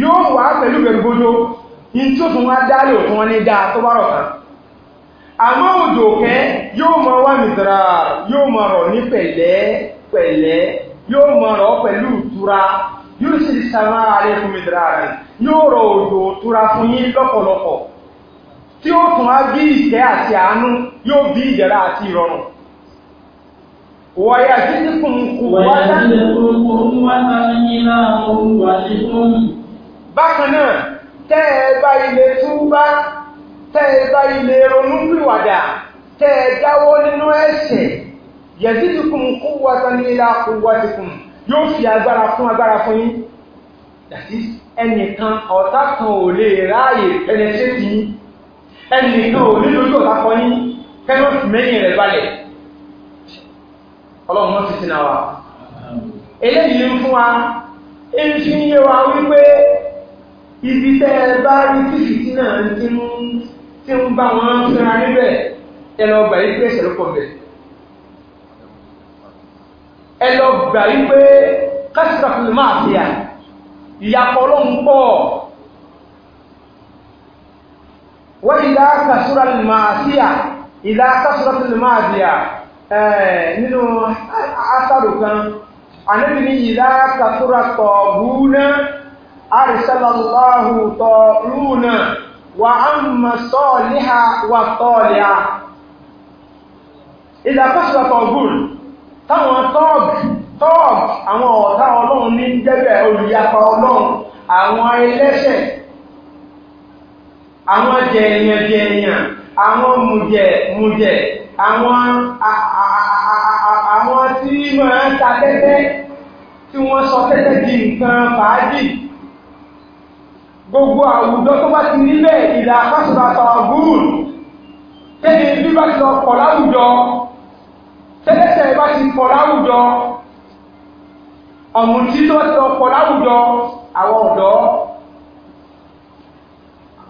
yóò wà pẹ̀lú gbẹ̀rùgbójó in tí ó tún wá dálé òkun wọn ní dáa tó bárọ̀ kan àmọ́ òjò kẹ́ yóò mọ wá mìtìrà yóò mọ rọ̀ ní pẹ̀lẹ́ pẹ̀lẹ́ yóò mọ rọ̀ pẹ̀lú ìtura yóò sì sàmà alẹ́ fún mìtìrà rẹ̀ yóò rọ̀ òjò tura fún yín lọ́pọ̀lọpọ̀ tí ó tún á bí ìkẹ́ àti àánú yóò bí ìdẹ̀ra àti ìrọ̀rùn wọ̀yà títí kùnkùn wọ́n bákan náà tẹ́ẹ̀bá ilé túbá tẹ́ẹ̀bá ilé ronúpìwàdà tẹ́ẹ̀dáwọ́ nínú ẹ̀ṣẹ̀ yẹ̀zídìkùn quwwatan ila quwwatikum yóò fi agbára fún agbára fún yín dàtí ẹnìkan ọ̀tá kan ò lè ráàyè pẹnẹtẹ́tì yín ẹnìkan ò nílò yóò lápọ̀ yín kẹ́lọ́ fi mẹ́yìn rẹ̀ balẹ̀ ọlọ́run ti wa wípé ibi tẹ́ ẹ bá rí tìfìtì náà ti ń tí ń bá wọn fẹ́ra níbẹ̀ ẹ lọ gbà yí pé ẹ̀ṣẹ̀ ló pọ̀ bẹ̀. ẹ lọ gbà yí pé kásìtàkùn máa fi à ìyàpọ̀ ọlọ́run pọ̀ wọ́n ìlà kásúra lè máa sí à ìlà kásúra lè máa fi à nínú asàrò kan ànábì ní ìlà kásúra tọ̀ bú náà. أرسل الله طاعون وعم صالحا وطالعا إذا قصد طاغون táwọn tọ́ọ̀gì tọ́ọ̀gì àwọn ọ̀tá ọlọ́run ní jẹ́bẹ̀ olùyapa ọlọ́run àwọn ẹlẹ́ṣẹ̀ àwọn jẹ̀yànjẹ̀yàn àwọn mùjẹ̀ mùjẹ̀ àwọn àwọn tí wọ́n ń ta tẹ́tẹ́ tí wọ́n sọ tẹ́tẹ́ di nǹkan fàájì gbogbo àwùjọ tó bá ti nílẹ̀ ìlà pásítàtà ọgùn tẹ́lẹ̀ bí bá ti lọ pọ̀ láwùjọ tẹ́lẹ̀tẹ̀ bá ti pọ̀ láwùjọ ọ̀mùn tí tó ti lọ pọ̀ láwùjọ àwọn ọ̀dọ́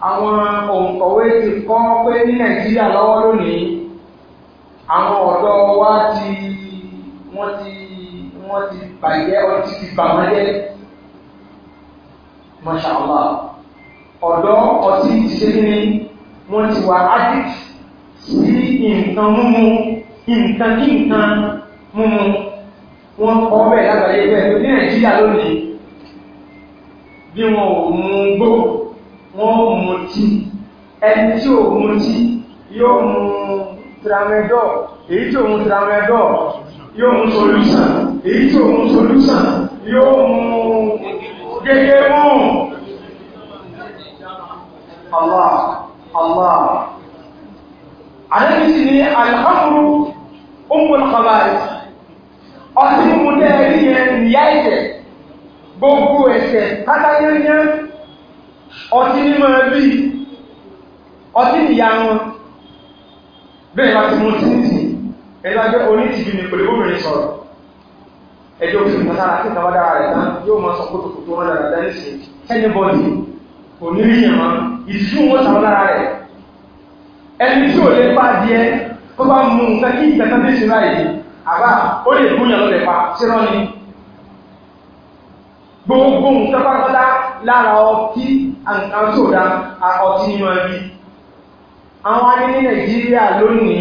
àwọn òǹkọ̀wé ti kọ́ pé ní nàìjíríà lọ́wọ́ lónìí àwọn ọ̀dọ́ wa ti wọ́n ti wọ́n ti bàjẹ́ wọ́n ti fi bàmọ́jẹ́ masha allah ọ̀dọ́ ọtí ti ṣe kí ni wọ́n ti wà addict sí nǹkan múmu nǹkan kí nǹkan múmu wọ́n kọ́ bẹ́ẹ̀ lágbàáyé bẹ́ẹ̀ tó ní nàìjíríà lónìí bí wọn ò mú gbó wọn ò mú tí ẹni tí ò mú tí yóò mú tramadol èyí tí ò mú tramadol yóò mú solution èyí tí ò mú solution yóò mú gẹ́gẹ́ mú Allah Allah àyẹ́bí sí ní alhamdu umul khabari ọtí mú lẹ́rí yẹn níyà ẹ̀jẹ̀ gbogbo ẹ̀ṣẹ̀ kátayẹ́yẹ́ ọtí mímọ̀ ẹbí ọtí níyà wọn bẹ́ẹ̀ láti mú tí ní ti jẹ́ oníjìbí ní pẹ̀lú obìnrin sọ̀rọ̀ ẹjọ́ kí nǹkan sára kí nǹkan dára rẹ̀ tán yóò máa sọ kótókótó wọn dára dára ṣe ẹni bọ́ọ̀dì kò ní rí yẹn mọ́ ìsú wọn sàwọn dára rẹ̀ ẹni tí ò lè pa díẹ̀ kó bá mú nǹkan kí ìtẹ̀tẹ̀ bí ṣe láyé àbá ó lè gún yàn lọ́lẹ̀ pa ṣé rán ni gbogbo nǹkan pátápátá lára ọtí àǹkan tó dá ọtí nínú ẹbí àwọn ayé ní Nàìjíríà lónìí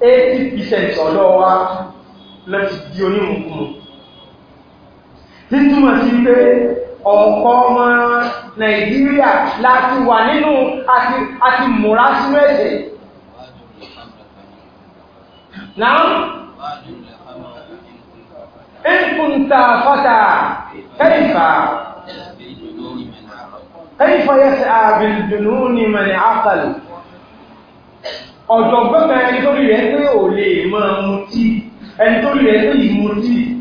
80% ọ̀dọ́ wa lọ ti di onímùkùmù nítúmọ̀ sí pé ọ̀pọ̀ ọmọ nàìjíríà láti wà nínú àti múra sínú ẹ̀sẹ̀ náà ẹ̀kùntà fọ́tà kẹ́yìfà kẹ́yìfà yẹ́sẹ̀ àbìlìdùnú ni mẹ́rin ákàlù ọ̀jọ̀gbọ́n ẹni tó rí rẹ̀ pé ò lè mọ́ ọmọ tí ẹni tó rí rẹ̀ pé ìmú tí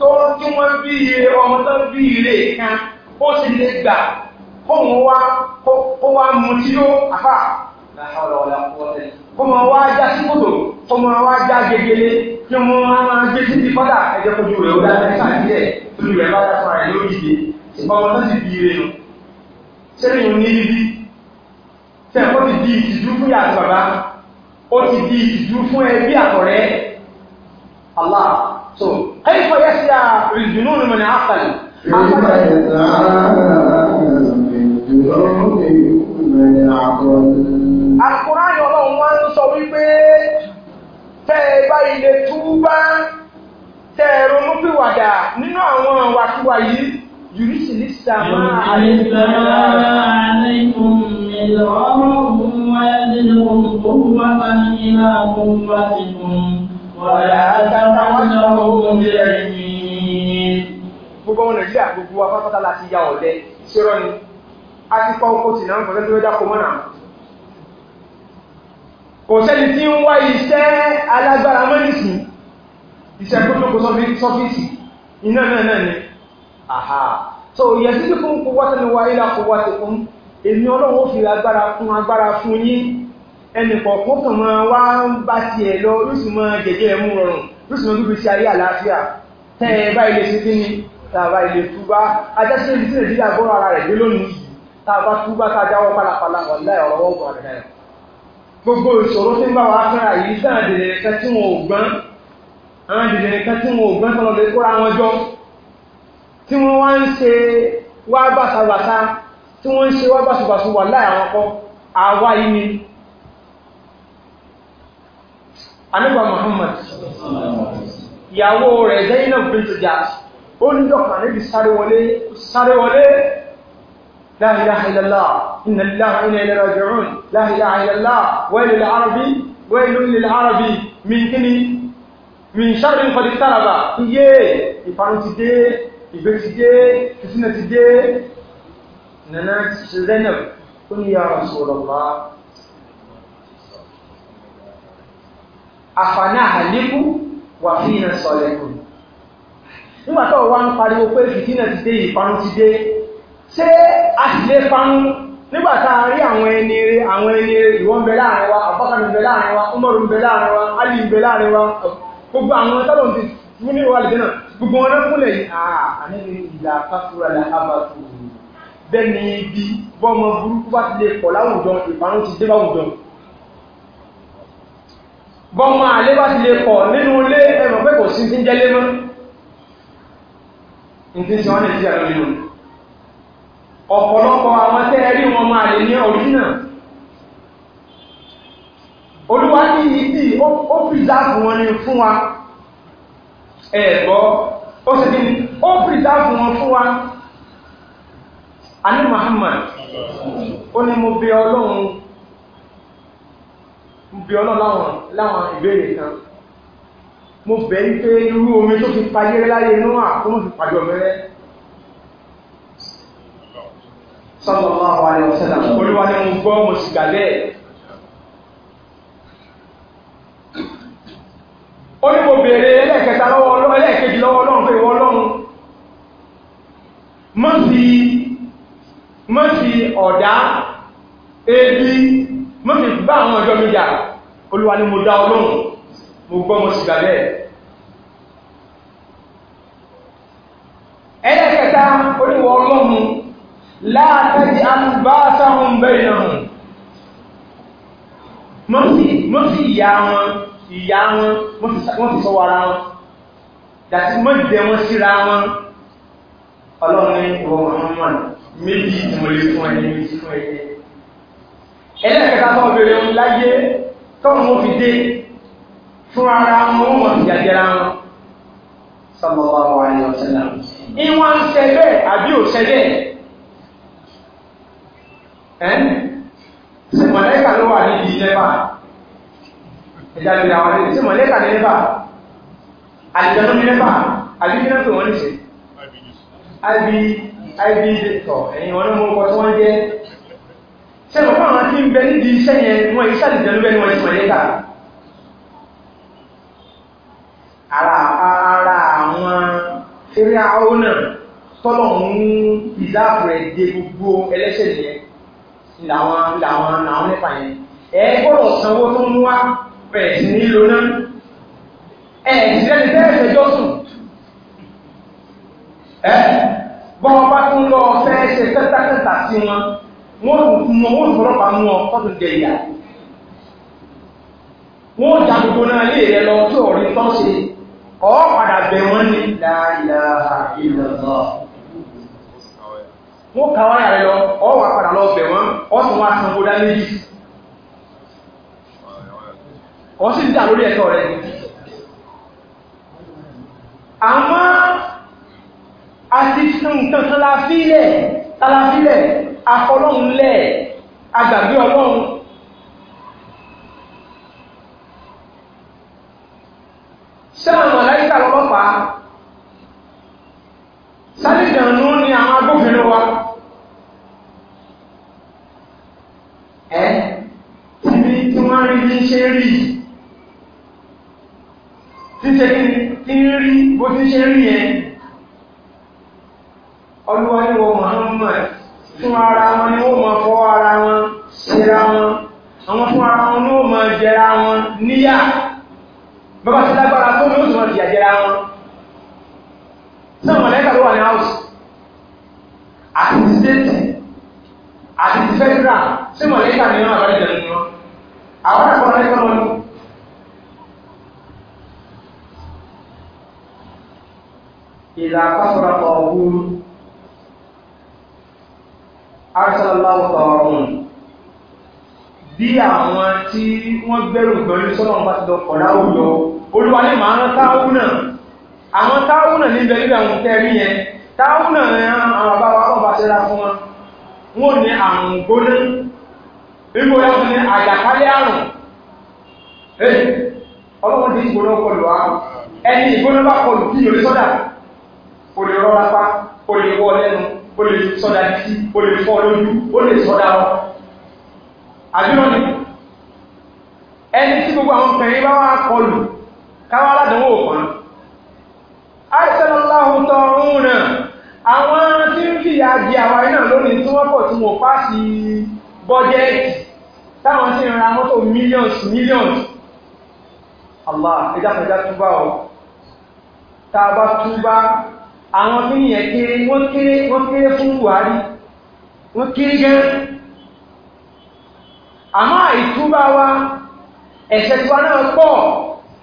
tó ń tí wọ́n bí ire ọmọ tó ń bí ire kan ó sì lè gbà kóhùn wá kó wá mú tí ó àfà kó máa wá já sí kòtò kó máa wá já gegele kí wọ́n máa gbé sí ti fọ́dà ẹjẹ́ kojú rẹ̀ ó dá ẹ̀ka díẹ̀ lórí rẹ̀ bá dáfà rẹ̀ lórí ìdè ṣùgbọ́n ọmọ tó sì bí ire nù sẹ́yìn ní ibi tẹ́ẹ̀kọ́ ti di ìtìjú fún yàtọ̀ bàbá ó ti di ìtìjú fún ẹbí àtọ̀rẹ́ Allah so كيف يسعى الجنون من عقل القرآن ọlọ́run wá ń sọ wípé tẹ́ ẹ bá ilé túbá tẹ́ ẹ ronú pìwàdà nínú àwọn àwàkiwà yìí yìí sì ní sàmà àlẹ́kùn ìlọ́rùn-ún wáyé lóhun tó wá bá ní ìlà ọkùnrin wá ti kùn. Wọ̀lá tí ń wá iṣẹ́ alágbára mọ́nìsì, iṣẹ́ tó tó sọ́fíìsì, iná náà náà ni. Àhà, so yẹ̀ sí fún kó wọ́tẹ̀ ni wáyé lákòó wá ti fún, èmi ọlọ́run ó fi agbára fún agbára fún yín ẹnìkọ̀ọ̀kan kan máa wá ń bá ti ẹ̀ lọ ló sì máa jẹ̀jẹ̀ ẹ̀mú rọrùn ló sì máa gbígbé sí ayé àlàáfíà tẹ́ ẹ bá ilé ṣe kí ni tàbá ilé túbá ajásílẹ̀ ibi tí nàìjíríà gbọ́rọ̀ ara rẹ̀ dé lónìí yìí tàbá túbá kájáwọ́ pálapàla ọ̀lá ọ̀rọ̀ ọ̀gbọ̀n àdàdà gbogbo ìṣòro tí ń bá wa kára yìí sáà dèrè nìkan tí wọn ò gbọ́n àwọn dèrè nìkan tí wọn ò gbọ́n tọ́lọ́ lè kóra wọn jọ tí wọ́n wá ń ṣe wá bàtàbàtà tí wọ́n ń ṣe wá bàtàbàtà wà láì àwọn kọ́ àwa yìí ni anigba Muhammad ìyàwó rẹ̀ Zainab bint Jahsh ó ní dọ́kà níbi sáré wọlé sáré wọlé la ilaha illallah inna lillahi wa inna ilayhi raji'un la ilaha illallah wailu lil arabi wailu lil arabi min kíni min sharri qad iqtaraba iye ìparun ti dé ìgbé ti dé àfààní àhàlíkù wà fí iná sọ̀lẹ̀kù nígbà tó wá ń pariwo pé fìtínà ti dé ìparun ti dé ṣé a sì lè parun nígbà tá a rí àwọn ẹni rẹ àwọn ẹni rẹ ìwọ bẹ láàrin wa àbọ́kàmì bẹ láàrin wa umaru ali ń bẹ láàrin wa gbogbo àwọn tọ́lọ̀ ti fún ní ìwádìí náà la abàtù bẹ́ẹ̀ ni ibi bọ́ọ̀mọ burúkú bá ti lè pọ̀ láwùjọ ìparun ti bọ́mọ alé bá ti lè pọ̀ nínú ilé ẹmọ̀ pé sí ti ń jẹ́lé ní ti wọ́n ní ọ̀pọ̀lọpọ̀ àwọn tẹ́ rí wọn máa lè ní ọ̀rínà ní ìdí ó pìsáàfù wọn ni fún wa ẹ̀gbọ́ ó sì ó wọn fún wa ń bí ọlọ́ láwọn ìbéèrè kan mo bẹ̀ ní pé irú omi tó fi payé láyé inú àkóhùn fi pàdé ọ̀mẹ́rẹ́ sallallahu alaihi wasallam olúwa ni mo gbọ́ mo sì gàlẹ́ ó ní mo bèèrè ẹlẹ́ẹ̀kẹta lọ́wọ́ ọlọ́run ẹlẹ́ẹ̀kejì lọ́wọ́ ọlọ́run ebi mọ́mí bá àwọn ọjọ́ méjà olúwa ni mo dá ọlọ́run mo gbọ́ mo sì gbàgbẹ́ ẹlẹ́kẹta oníwọ̀ ọlọ́run láàtẹ́jì alùbáṣáhùn bẹ́ẹ̀ náà mọ́ sí ìyá wọn ìyá wọn wọ́n ti sọ́wọ́ ara ọlọ́run ní ìwọ̀n mọ́mọ́ méjì ìmọ̀lẹ́ ẹni méjì fún ẹni ẹlẹ́ẹ̀kẹta tó bèèrè ń láyé tọ́rọ mọ́ fi dé fún ara wọn mọ̀ sí àjẹrà wọn sallallahu alaihi wasallam ìwọ̀n ń ṣẹlẹ̀ àbí ò ṣẹlẹ̀ ẹ́ sí mọ̀lẹ́kà ló wà níbi lẹ́bà ẹ̀dá ìrìn àwọn ẹ̀dá sí mọ̀lẹ́kà ní lẹ́bà àjẹjọ́ ní lẹ́bà àbí kí náà pè wọ́n ní ṣe ibi tọ̀ ẹ̀yìn wọn ló mú ọkọ̀ tí wọ́n jẹ́ ṣe mọ̀ fáwọn tí ń bẹ nídi iṣẹ́ yẹn wọ́n iṣẹ́ àdìjẹ̀lú bẹ́ni wọ́n ìṣẹ̀lẹ̀ dà ara ara àwọn eré ahó náà tọ́lọ̀ ń ìdáàbò rẹ̀ dé gbogbo ẹlẹ́ṣẹ̀ yẹn làwọn làwọn làwọn nípa yẹn ẹ gbọ́dọ̀ sanwó tó ń wá bẹ̀rẹ̀ sí ní lóná ẹ ìṣẹ́ni bẹ́ẹ̀ fẹjọ́ sùn ẹ bọ́n bá tún lọ fẹ́ ṣe tẹ́tàkẹ́tà sí wọn wọ́n wọ́n fọ́lọ́pàá mú ọ tọ́tù jẹ ìyà wọ́n jà gbogbo náà lè rẹ lọ tí ọ̀rí tọ́ sí ọ padà bẹ̀ wọ́n ní láìláà ìlọ́lọ́ wọ́n kàwọ́ rẹ̀ lọ ọ wà padà lọ bẹ̀ wọ́n ọ sì wá san gbódá méjì ọ sì dà lórí ẹ̀tọ́ rẹ̀ àmọ́ àti sùn tọ̀tọ̀ la fílẹ̀ afọlọ́run lẹ̀ agbàgbé ọlọ́run sẹ́wọ̀n mọ̀láyíkà lọ́lọ́pàá sálídàánú ni àwọn agbófinró wa ẹ́ tìbí tí wọ́n rí ní ṣe rí títẹ́ kí ní rí bó ti ṣe rí ẹ إذا كثر الطاغون أرسل الله الطاغون bí àwọn tí wọ́n gbẹ́rù gbẹ̀rù sọ́nà ọba ti lọ kọ̀dá òjò olúwa ní màá rán táwùnà àwọn táwùnà níbẹ̀ níbẹ̀ àwọn tẹ́rí yẹn táwùnà yẹn àwọn bàbá wa ọba ṣẹlá fún wọn wọn ò ní àrùn gbóná nígbò yẹn wọn ní àjàkálẹ̀ àrùn ọlọ́run ti ìgbóná kọlù wa ẹni ìgbóná bá kọlù o lè rọ́ lápá o lè wọ́ lẹ́nu o lè sọ́dá títí o lè fọ́ lójú o lè sọ́dá ọ àbíwọ́n ni ẹni tí gbogbo àwọn pẹ̀rin bá wá kọlù káwà aládánwò kan àìsànláhù tọrún náà àwọn tí ń fìyà jẹ àwọn iná lónìí tí wọ́n pọ̀ tí wọ́n pàṣì bọ́jẹ́ẹ̀tì táwọn tí ń ra mọ́tò millions millions Allah ẹjáfẹ́já túbá ọ tá a bá túbá àwọn kí nìyẹn kéré wọ́n kéré wọ́n kéré fún Buhari wọ́n kéré gẹ́rẹ́ àmọ́ àìtúbà wa ẹ̀ṣẹ̀ tiwa náà pọ̀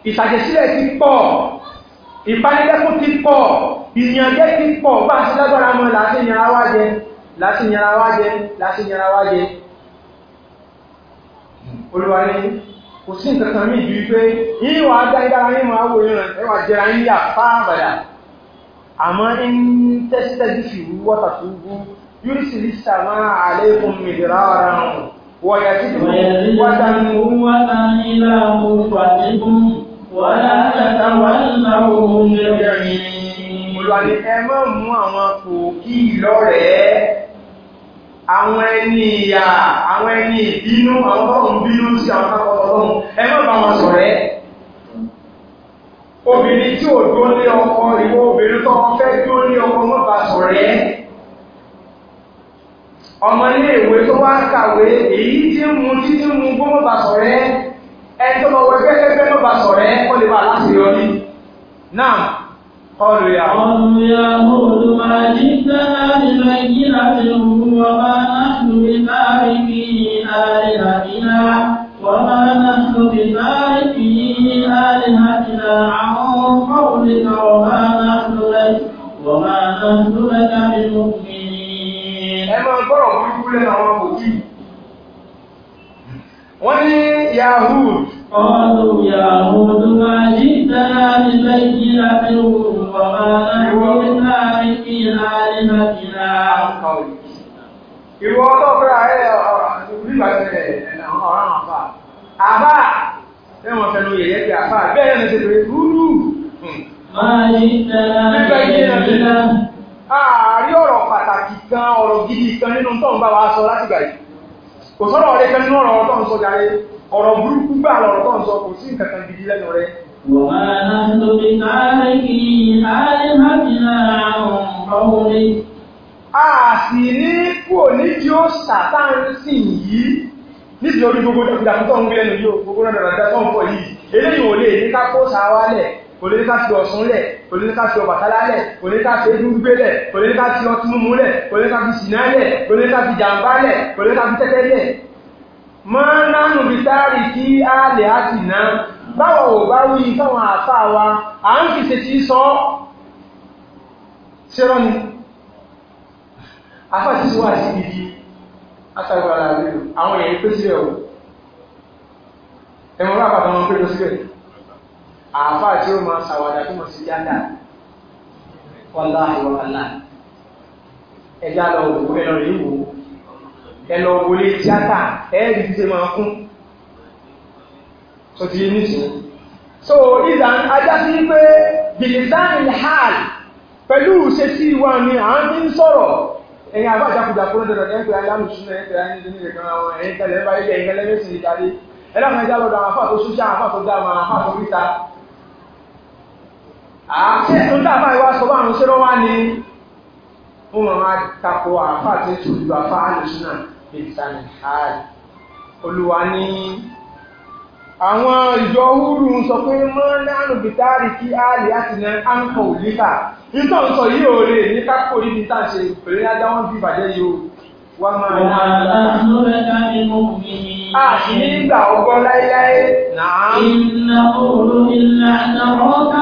ìtàjẹ̀sílẹ̀ ti pọ̀ ìpanilẹ́kún ti pọ̀ ìyànjẹ́ ti pọ̀ bá a ṣe lágbára mọ́ láti yàrá wá jẹ láti yàrá wá jẹ láti yàrá wá jẹ olùwárí kò sí nǹkan kan mí ju pé yíwà dá ìdára yín máa ẹwà jẹra yín yà fáàbàdà àmọ́ in tẹ́sítẹ́sítì wọ́ta tó gú yúrí sí lè sàmà àlékún mìdìrá ara wọn wọ́yà tí kò àwọn ẹni ìyà àwọn ẹni ìbínú àwọn ọlọ́run bínú sí àwọn akọ́kọ́ ọlọ́run ẹ ò dúró lé ọkọ ìwọ obìnrin tó wọn fẹ́ dúró lé ọkọ mọ́ bá sọ̀rẹ́ ọmọ ilé ìwé tó wá kàwé èyí tí ń mu títí ń mu gbó mọ́ bá sọ̀rẹ́ ẹni tó lọ wọ ẹgbẹ́gbẹ́ mọ́ bá sọ̀rẹ́ kó lè bá láti yọrí náà قالوا يا قالوا يا هود ما جئتنا لنبينة وما نحن بتاركين آلهتنا وما نحن بتاركين آلهتنا عن قولك وما نحن لك وما نحن لك بمؤمنين ẹ máa gbọ́rọ̀ burúkú lẹ́nu àwọn òkú wọ́n ní yahoo قالوا يهود ما جئتنا ببينة وما نحن بتاركين آلهتنا ìwọ ọlọ́pẹ́ ààrẹ onígbàgbẹ́ ọ̀ràn àfà àbá ẹ̀wọ̀n fẹnu yẹ̀yẹ́ bí àfà bẹ́ẹ̀ ni ṣe pé rúrú Ààrí ọ̀rọ̀ pàtàkì kan ọ̀rọ̀ gidi kan nínú tó ń bá wa sọ láti gbà yìí. Kò sọ́rọ̀ ọ̀rẹ́ kan nínú ọ̀rọ̀ máa ń lo bí káàrí kí ààrẹ máa fi náà ọ̀rọ̀ a sì ní kúrò nídìí ó sàtáǹsì yìí nídìí orí gbogbo dàkúdàkú tó ń gbé ẹnu yóò gbogbo náà dàkúdàkú tó ń pọ̀ yìí eléyìí ò lè ní ká kò lè ní ká fi ọ̀sán lẹ̀ kò lè ní ká fi ọbàtálá lẹ̀ kò lè ní ká fi eégún gbígbé lẹ̀ kò lè ní ká fi ọtí mímu lẹ̀ kò lè ní ká fi ṣìnà lẹ̀ kò lè ní ká fi jàǹbá lẹ̀ kò ní ká fi tẹ́tẹ́ lẹ̀. máa nánú bí táàrí kí á lè á sì ná báwo ò bá wí fáwọn àfa wa à ń fi ṣètì sọ ọ́ ṣẹ́rọ́ ni afa ti sọ wá sí ibi aṣáájú ara rẹ̀ àwọn èèyàn pèsè ẹ̀ ẹ̀wọ̀n rà bàbá wọn pé lọ sílẹ̀ àáfà tí ó máa ṣàwádà tó máa ṣe jáde ọlá ìwà ọlá ẹjá lọ òwò ẹlọ rẹ ìwò ẹlọ wọlé tíátà ẹẹrì ti máa kún tó ti ní sí so ìdá ajá sí pé bilisan hal pẹ̀lú ìṣesí wa ni à ń fi ń sọ̀rọ̀ ẹ̀yin àbá àjàkùjà kúrò dandan ẹ̀ ń pè alámùsùn ẹ̀ ń pè ayélujára nìkan àwọn ẹ̀yin tẹ̀lé ẹ̀ ń bá ilé ẹ̀yin tẹ̀lé ẹ̀ ń sì ń darí ẹ̀ láwọn ẹja lọ́dọ̀ àwọn afáàtò àṣẹ tó dábàá ìwà sọ báwọn ṣe lọ́wọ́ ni ó mọ̀ máa tako àáfà tí ń tòlú afá àlùsùnà bìtàní ààrẹ olùwà ni àwọn ìjọ húrù ń sọ pé mọ́ránù bìtàrí kí ààrẹ àti ní àǹkọ̀ òlíkà nítọ̀ ń sọ yí ò lè ní kápò níbi tá ṣe pẹ̀lú adáwọn bí ìbàjẹ́ yìí ó wá máa ní àṣì nígbà ọgbọ́n láéláé náà. ìnáwó olómi ńlá náà ọ̀gá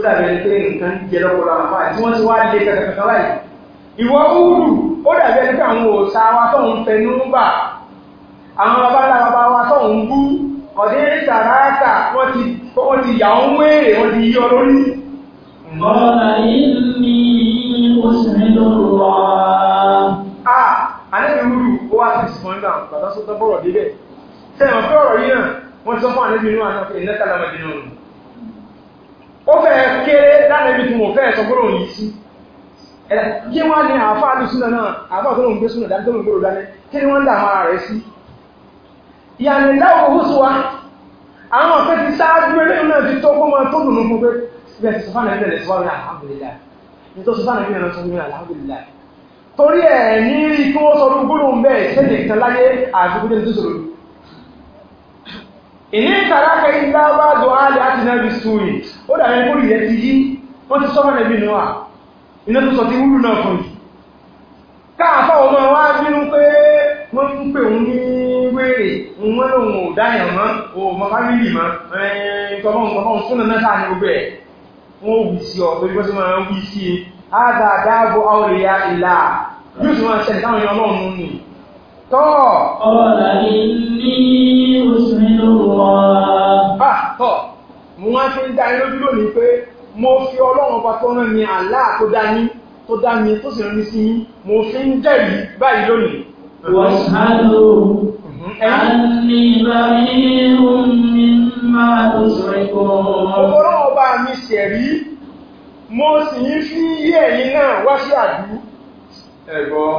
ó dàbí ẹni pé nǹkan jẹ lọ́pọ̀ lọ́wọ́ àwọn àti wọ́n ti wá lé kankan báyìí ìwọ úrù ó dàbí ẹni pé àwọn òòṣà wa tó ń àwọn babaláwa wa tó bú ọ̀dẹ́ sàràkà wọ́n ti wọ́n ti yà ń wéèrè wọ́n ti yí ọ lórí. ọ̀nà yìí ni ó sì ń lọ́rọ̀ wá. a àlejò úrù ó wá sí ìsìnkọ́ńdà bàbá sọ́tọ́ bọ̀rọ̀ débẹ̀ sẹ́yìn ọ̀fẹ́ ọ̀rọ̀ wọ́n ti sọ fún àlejò inú àná pé ìnẹ́kàlámẹ́dínlọ́rùn ó fẹ́ kéré lánàbí tí mo fẹ́ sọgbọ́rọ̀ yìí sí kí wọ́n ní àáfáà lù súnà náà àáfáà tó lóun gbé súnà dání tó lóun gbèrò dání kí ni wọ́n ń dàmọ́ rẹ̀ sí ìyànnì láwọn owó sí wa àwọn ọ̀fẹ́ ti sáájú eléyìn náà ti tó gbọ́mọ tó dùnú fún pé bẹ́ẹ̀ ti sọ́fánà ẹgbẹ̀rẹ̀ sọ́fánà alhamdulillah ní tó sọ́fánà ẹgbẹ̀rẹ̀ sọ́fánà alhamdulillah torí ẹ̀ ní rí kí wọ́n sọ lóun gbọ́dọ̀ bẹ́ẹ̀ sẹ́lẹ̀ kan láyé àfikún tó sọ̀rọ̀ ìní ìtàlákà ìlà bá dùn á lè àti náà bí sóyè ó dàbí ẹgbẹ́ òrìyẹ ti yí wọ́n ti sọ́mọ́ ẹbí nù à iná tó sọ ti wúlù náà fún yìí káàfà ọmọ wa bínú pé wọ́n ń pè ń ní wéèrè wọ́n lòun ò dáyàn mọ́ o mọ fámìlì mọ́ ẹ̀ẹ́dọ́gbọ́n gbọ́n fún náà sáà ní gbogbo ẹ̀ wọ́n wù sí ọ pé bí wọ́n ti máa ń wù sí i á dáadáa bọ́ àwòrìyá ìlà yóò sì tọ́. ọ̀rọ̀ ìní òṣèlú wa. bá tọ̀ mo wá ṣe ń dá yín lójú lónìí pé mo fi ọlọ́run ọba tó rán mi àlá tó dá yín tó dá mi tó sì rán mi sí yín mo fi ń jẹ́rìí báyìí lónìí. wọ́n ṣáájú Ọ̀pọ̀lọ́ ọba mi ṣẹ̀rí, mo sì ń fi yí ẹ̀yìn náà wá sí àdú. Ẹ̀gbọ́n,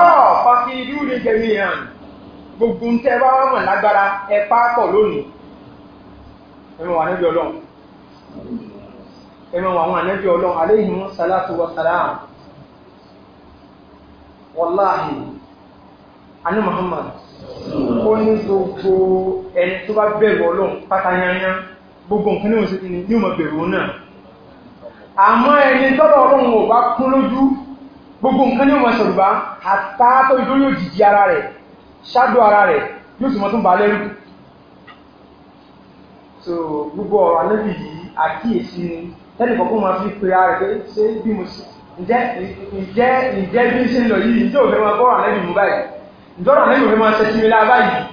Allah fakiduni jami'an gbogbo ń tẹ́ bá wà mọ̀ lágbára ẹ pápọ̀ lónìí ẹmọ wà nẹ́bí ọlọ́run ẹmọ wà wọn nẹ́bí ọlọ́run alayhi salatu wa salam Muhammad ó ní gbogbo ẹni tó bá bẹ̀rù ọlọ́run pátáyányá gbogbo nǹkan níwọ̀n sí ni ní ọmọ bẹ̀rù náà àmọ́ ẹni tọ́lọ̀ ọlọ́run ò bá kún lójú gbogbo nǹkan ní ọmọ ṣọ̀rùbá àtàtọ̀ ìdó yóò jìjì ara rẹ̀ ṣáàdù ara rẹ̀ yóò sì tún bá lẹ́rù so gbogbo ọ̀rọ̀ alẹ́bì yìí àkíyèsí ni lẹ́nu kọ̀ọ̀kan máa fi pe ara rẹ̀ ṣé bí mo sì ǹjẹ́ ǹjẹ́ ǹjẹ́ bí ṣe ń lọ yìí ǹjẹ́ òfin máa bọ́rọ̀ alẹ́bì mú báyìí ǹjọ́rọ̀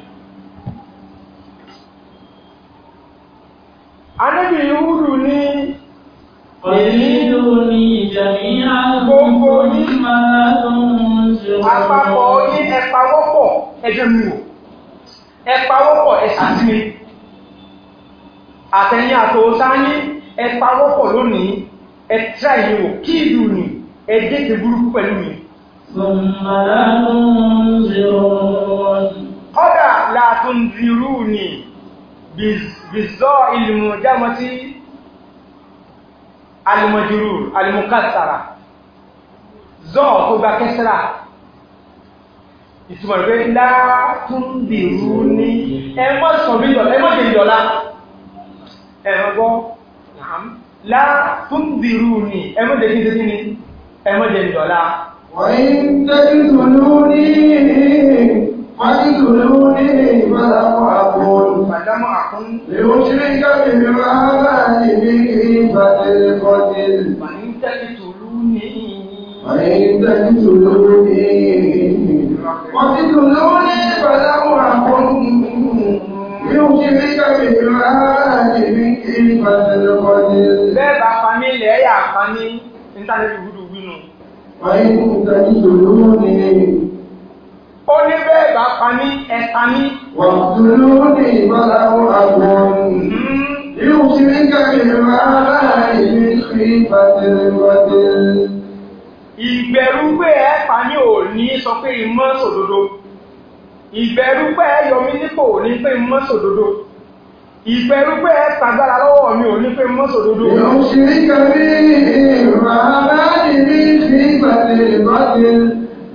Òyìnbóni ìjẹ̀míyà gbogbo ní màá tó ń ṣe. Àpapọ̀ oyin ẹ̀pà wọ́pọ̀ ẹ̀jẹ̀ mi wò. Ẹ̀pà wọ́pọ̀ ẹ̀sà sí mi. Àtẹ̀yìn àtò sáyé ẹ̀pà wọ́pọ̀ lónìí ẹ̀tíra ìlú wò kí ìlú ni ẹ̀dẹ́ ti burúkú pẹ̀lú mi. Màá tó ń ni bìzọ́ ìlú jámọ́ sí alimọ̀júrù alimọ̀kásàrà zọ́ọ̀ tó gba kẹsàrà ìtumọ̀ rẹ̀ látúndìrú ní ẹmọ́ sọ̀bíjọ̀ ẹmọ́ jẹ́jọ́lá ẹ̀rọ̀gbọ́ látúndìrú ní ẹmọ́ jẹ́jọ́lá wọ́n ولكلوني ملقعكم فلمعكم ليشرك بما لا به فليقتل فإن تقتلوني فإن تقتلوني وقتلوني فلمعكم ليشرك بما لا به فليقتل bẹ́ẹ̀ bá pa mí lẹ́yà pa mí nítorí gbúdúgbínú. فإن تقتلوني ó ní bẹ́ẹ̀ bá pa mí ẹ̀ta mí. wàtúlù ní ìbáláwo àwọn yóò ti ní kẹ́kẹ́ máa láàyè fi pàtẹ́lẹ́pàtẹ́. ìgbẹ̀rúgbẹ̀ ẹ̀ pa ní òní hmm. sọ pé ìmọ̀ sòdodo ìgbẹ̀rúgbẹ̀ ẹ̀ yọ nípò òní pé ìmọ̀ sòdodo ìgbẹ̀rúgbẹ́ tàgbàrà lọ́wọ́ mi ò ní pé mọ́sò dúdú. Ìyọ̀n ṣe ń kàrí ìrànlá ìrí sí ìgbàlẹ̀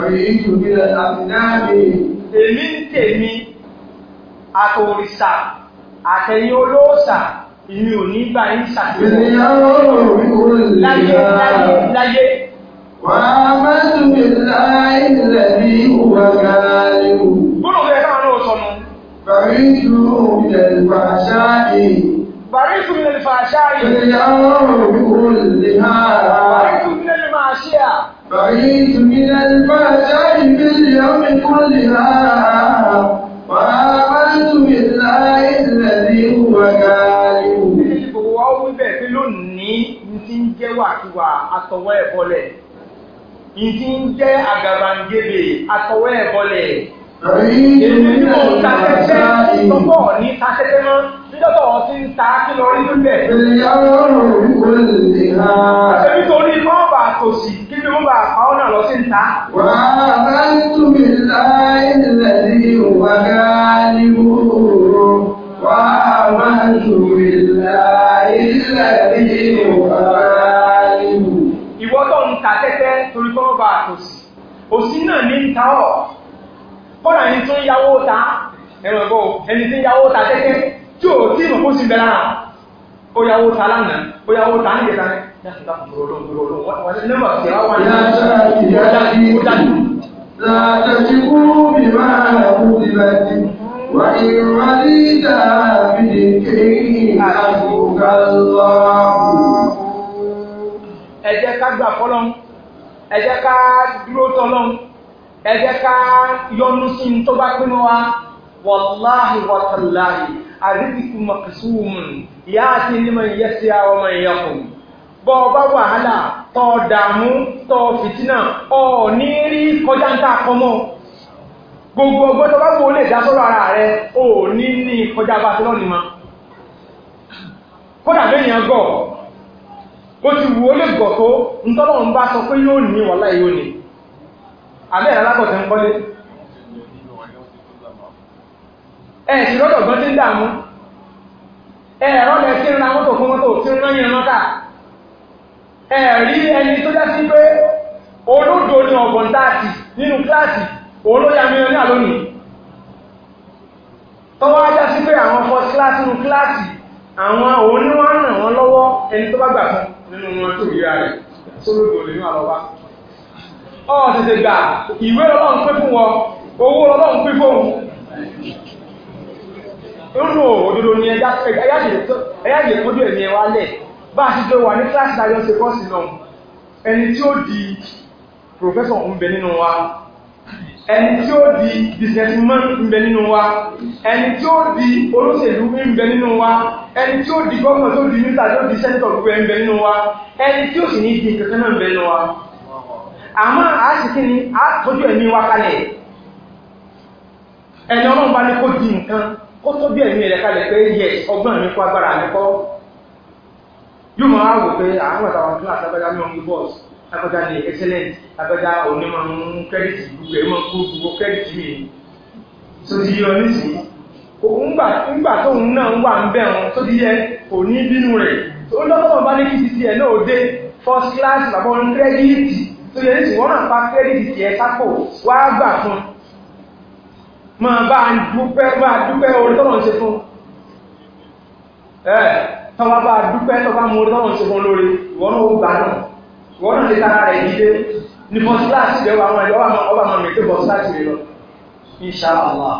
Èmi ń tèmi àtòrìṣà àtẹ̀yìn olóòṣà ìmí ò ní gbà ń ṣàtìlẹ́yìn láyé láyé. Wà á mẹ́sùn mi láì lẹ́bí ìwà gáàlù. Gbọ́nà fẹ́ káwọn náà sọnù. Bàríṣù ìlẹ̀lùfà ṣáàyè. Bàríṣù ìlẹ̀lùfà ṣáàyè. Ìyàwó ìwò lè máa. Bàríṣù ìlẹ̀lùfà ṣáàyè. بعيد من الفاجع في اليوم كلها وآمنت بالله الذي هو غالب Ìgbòwò ó wíbẹ̀ pé lónìí ní ti ń jẹ́ wàkíwà àtọwọ́ ẹ̀bọ́lẹ̀. Ìdí ń àgàbàǹgebè àtọwọ́ ẹ̀bọ́lẹ̀. Èmi ní mò ń ta tẹ́tẹ́ tọ́pọ̀ ní ta tẹ́tẹ́ mọ́. Nígbàtọ̀ wọ́n ti ń ta kí lọ rí níbẹ̀. Èmi ní ọlọ́run kò lè ha. Àṣẹ nítorí mọ́ọ̀bà tòsí kí ló bá pa ọ́ náà lọ sí ìta. wà á bá túnbí láì lẹ́lí wà gáàlíwò wà á bá túnbí láì lẹ́lí wà gáàlíwò. ìwọ tó ń ta tẹ́tẹ́ torí kọ́ bá àtòsí òsì náà ní ta ọ̀ kọ́nà ẹni tó ń yáwó ta ẹ̀rọ ẹ̀gbọ́ ẹni tí ń yáwó ta tẹ́tẹ́ tí ò tí ìmọ̀ kó sì bẹ̀rẹ̀ ó yáwó ta lánàá ó yáwó ta nígbẹ̀ta náà لا تجبوا بما أذبت وإن رديت بكي حسبك الله ẹ jẹ́ ká gbà fọ́lọ́run ẹ jẹ́ ká dúró tọ́lọ́run ẹ jẹ́ ká yọ́nú sí ní tó bá pinnu wa wàláhi wàtàláhi àrídìkú mọ̀kàsúwùmù yáàtì ní mọ̀ yẹ́sí àwọn ọmọ ìyá kùn. bọ́ ọ bá wàhálà tọ́ tọ́ fìtínà rí kọjá ń tà kọmọ́ gbogbo ọgbọ́n tó bá lè dá sọ́rọ̀ ara rẹ ò ní kọjá bá ti lọ́nìí ma kódà gọ̀ bó ti wù ó lè gọ̀ tó ń bá sọ pé yóò ní yóò ní àbẹ́ ẹ̀rọ ń kọ́lé ẹ̀ sì gbọ́n ń ẹ̀rí ẹni tó já sí pé olódo ní ọgbọ̀n táàtì nínú kíláàsì olóyà mìíràn ní àlónìí tọ́wọ́ ajá sí pé àwọn fọ́ kíláàsì nínú kíláàsì àwọn oníwọ̀n ràn wọ́n lọ́wọ́ ẹni tó bá gbà fún nínú wọn tó yíra rẹ̀ sólódò nínú àlọ́wà ọ̀ tètè gbà ìwé ọlọ́run pé fún wọn owó ọlọ́run pé fún òun nínú òdodo ni ẹyá ṣe fojú ẹ̀mí ẹ wálẹ̀ bá a ti jọ wà ní kíláàsì tàbí ọ̀sẹ̀ kọ́ọ̀sì náà ẹni tí ó di professor ń nínú wa ẹni tí ó di businessman ń nínú wa ẹni tí ó di olóṣèlú ń nínú wa ẹni tí ó di gọ́ọ̀nà tó di mítà tó di sẹ́ńtọ̀ gbogbo ń nínú wa ẹni tí ó sì ní di kankan náà wa àmọ́ àásìkí ni a tọ́jú ẹ̀mí wa kalẹ̀ ẹni ọlọ́run bá ní kó di nǹkan kó tọ́jú ẹ̀mí rẹ̀ kalẹ̀ pé yẹ ọgbọ́n mi kó agbára mi kọ́ yóò máa wò pé àwọn àtàwọn kíláàsì abẹ́dá ní ọmọ bọ́ọ̀sì abẹ́dá ní excellent abẹ́dá onímọ̀ ń kẹ́rìtì gbogbo ẹ̀ máa kó gbogbo kẹ́rìtì mi tó ti yọ ńgbà tó ń náà wà ń bẹ̀ wọn tó ti yẹ ti tiẹ̀ náà dé first class bàbá kẹ́rìtì tó yẹ wọ́n kẹ́rìtì tiẹ̀ sápò wá gbà bá dúpẹ́ tọ́wọ́ bá dúpẹ́ tọ́wọ́ mú orí tọ́wọ́ ṣogun lórí ìwọ́n ó gbádùn ìwọ́n náà lè tara rẹ̀ dídé ní first rẹ̀ wọn ìlọ́wọ́ àwọn ọba máa mẹ́tẹ́ first rẹ̀ lọ inshallah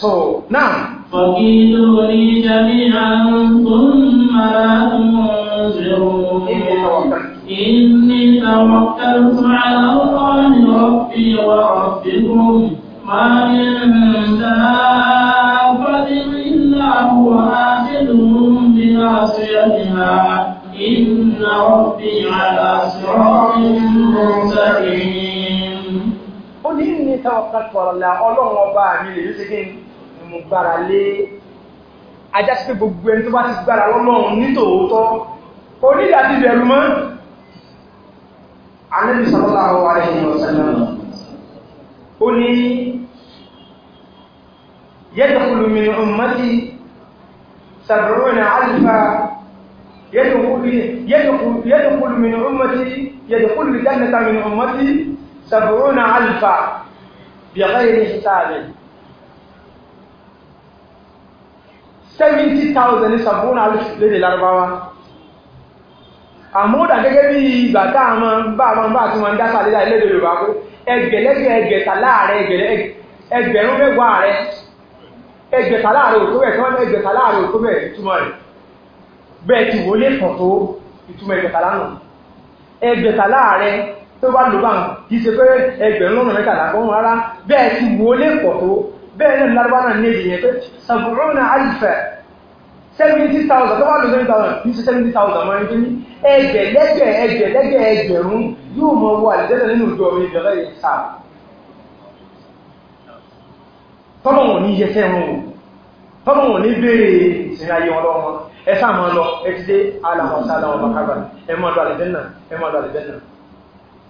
so now. fọ̀kìlú ní jẹ́mi àrùn tó ń mara إني توكلت على الله ربي وربكم ما من دابة إلا هو آخذ عاصيتها إن ربي على صراط مستقيم ó ní ní tawakkaltu ala ọlọ́run ọba mi lè ní ṣégin mo gbára lé ajá sí pé gbogbo ẹni tó bá ti gbára lọ́lọ́run nítòótọ́ onídà ti bẹ̀rù mọ́ Ànábì sallallahu alaihi سبعون ألفا يدخل, يدخل, يدخل من أمتي يدخل الجنة من أمتي سبعون ألفا بغير حساب 70,000 ní sàbúrún àlùfù lédè lárúbáwá àmúdà gẹ́gẹ́ bí ìgbà tá a máa bá a máa bá àti wọn dásà lédè lédè Yorùbá kó ẹgbẹ̀lẹ́gbẹ̀ ẹgbẹ̀ta láàrẹ ẹgbẹ̀rún mẹ́wàá rẹ ẹgbẹ̀ta láàrin òkú bẹ̀ tí wọ́n ẹgbẹ̀ta láàrin òkú bẹ̀ ìtumọ̀ rẹ̀ bẹ́ẹ̀ tí wọlé kàn tó ìtumọ̀ ẹgbẹ̀ta láàrin ẹgbẹ̀ta láàrin tó bá lò bá ń kì í ṣe pé ẹgbẹ̀rún lọ́nà mẹ́tàlá kan rárá bẹ́ẹ̀ tí wọlé pọ̀ tó bẹ́ẹ̀ náà lárúbá náà ní èdè yẹn pé sàbùrọ́nà àlìfẹ́ 70,000 tó bá lò 70,000 kì í ṣe 70,000 máa ń gbé ní ẹgbẹ̀lẹ́gbẹ̀ ẹgbẹ̀lẹ́gbẹ̀ ẹgbẹ̀rún yóò mọ wọ àlìjẹ́sẹ̀ nínú ìjọ mi ìjọba ìsáà tọ́lọ̀ wọn ní yẹsẹ̀ wọn o tọ́lọ̀ wọn ní béèrè ìsinmi ayé wọn lọ́wọ́ ẹ sáà máa lọ ẹ ti dé alàmọ̀sá aláwọ̀ bàkàbà ẹ máa lọ àlẹ́dẹ́nà ẹ máa lọ àlẹ́dẹ́nà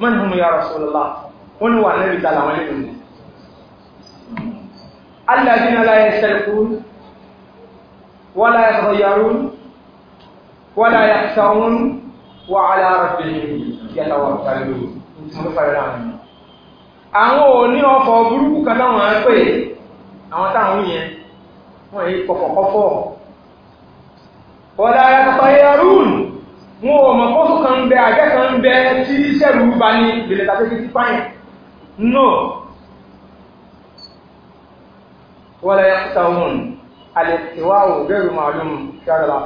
mọ́ni fún mi ya Rasulullah wọ́n àwọn òní ọkọ̀ burúkú kan láwọn á àwọn táwọn yẹn wọ́n èyí kọ̀kọ̀kọ́fọ́ ọ̀dá ẹ̀kọ́ ẹ̀rùn wọn ò mọ̀ kóso kan ń bẹ àjẹ́ kan ń bẹ tí sẹ́rù bá ní ìbìlẹ̀ tàbí ti fáyẹ̀ no wọ́lá ẹ̀kọ́ta wọn alẹ́kẹ̀wà ò gẹ́rù màálùm ṣáàlá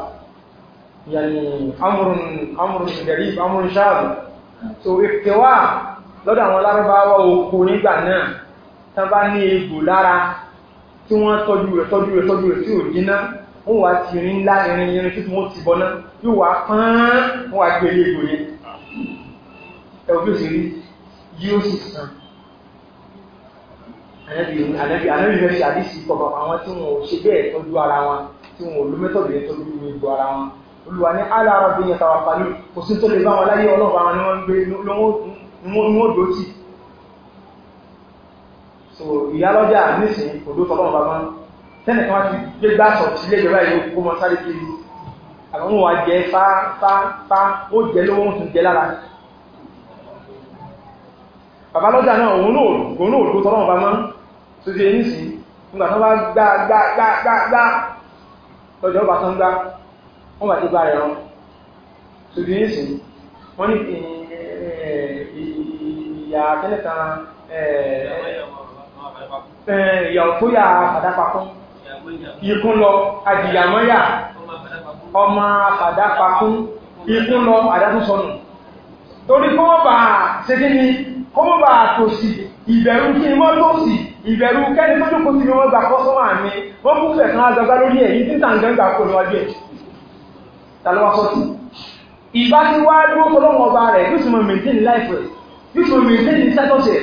yàní amúrùn so ìkẹwà lọ́dọ̀ àwọn lárúbáwá oko nígbà náà tán bá ní egbò lára tí wọ́n tọ́jú rẹ̀ tọ́jú rẹ̀ tọ́jú rẹ̀ tí ò jiná wọ́n wá ti rin ńlá irin irin tí wọ́n ti bọ́ná yóò wá pán wọ́n wá gbé eléègbò yẹn ẹ̀wọ̀n bí ó sì rí yóò sì sàn ànábì ànábì fẹ́ ṣe àdísì kọ̀ọ̀kan àwọn tí wọn ò ṣe bẹ́ẹ̀ tọ́jú ara wọn tí wọn ò lo mẹ́tọ̀dù yẹn tọ́jú egbò ara wọn olùwà ní alára bí yẹn tàwa pàlú kò sí tó lè bá wọn láyé ọlọ́ọ̀bá wọn ni wọ́n ń gbé ni wọ́n dòó tì so ìyálọ́jà nísìn odó tọ́lọ́wọ́ bá máa tẹ́nì kan ti gbé gbàsọ̀ sí ilé ìjọba ìlú kó mọ sáré kiri àwọn ohun àjẹ fáfáfá ó jẹ lówó ń tún jẹ lára bàbá lọ́jà náà òun náà òun náà odó tọ́lọ́wọ́ bá máa tó ṣe nísìn nígbà tó bá gbá gbá gbá gbá gbá lọ́jọ́ bá tán gbá wọ́n bá ti bá rẹ̀ rán tó ṣe nísìn wọ́n ní ìyà tẹ́lẹ̀ kan ìyàwó tó yà àfàdápapọ̀ ikún lọ àdìyàmọ́yà ọmọ àfàdápapọ̀ ikún lọ àdátúnsọnù torí kọ́ bà ṣẹ́kí ni kọ́ bà tòsì ìbẹ̀rù kí ni wọ́n tòsì ìbẹ̀rù kẹ́ni tó jókòó sí ni wọ́n gbà kọ́ sọ́wọ́ àmì wọ́n kú fẹ̀sán agbára lórí ẹ̀yìn tí tàǹgá gbà kó níwájú ẹ̀ tàlọ́wọ́ sọ́tì ìbá ti wá dúró tọ́lọ́wọ́ ọba rẹ̀ yóò sì mọ̀ maintain life rẹ̀ yóò sì mọ̀ maintain status rẹ̀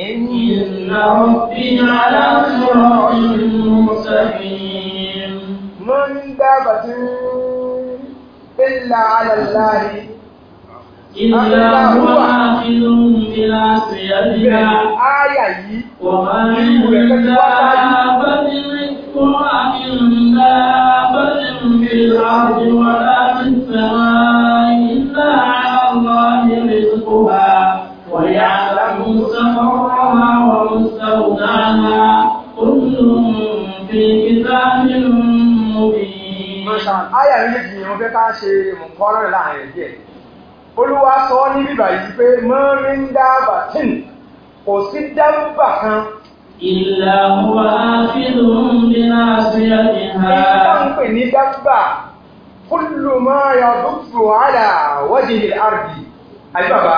إن ربي على صراط مستقيم من دابة إلا على الله إلا هو آخذ بناصيتها آية وما من دابة وما من دابة في الأرض ولا في السماء إلا على الله رزقها ويعلم مستقرها ومستودعها كل في كتاب مبين. Ayà yìí méjì ni wọ́n fẹ́ ká ṣe mọ̀kọ́rọ̀ láàrin ẹ̀ díẹ̀. Olúwa sọ ní bíbà yìí pé mọ́rí ń dá bàtín, kò sí dábà kan. Ìlà wa fílù ń bí náà sí ẹ̀dìnà. Ìlà ń pè ní dábà, kúlù máa yà àdà wọ́jì àrùbí. Àyíbàbá,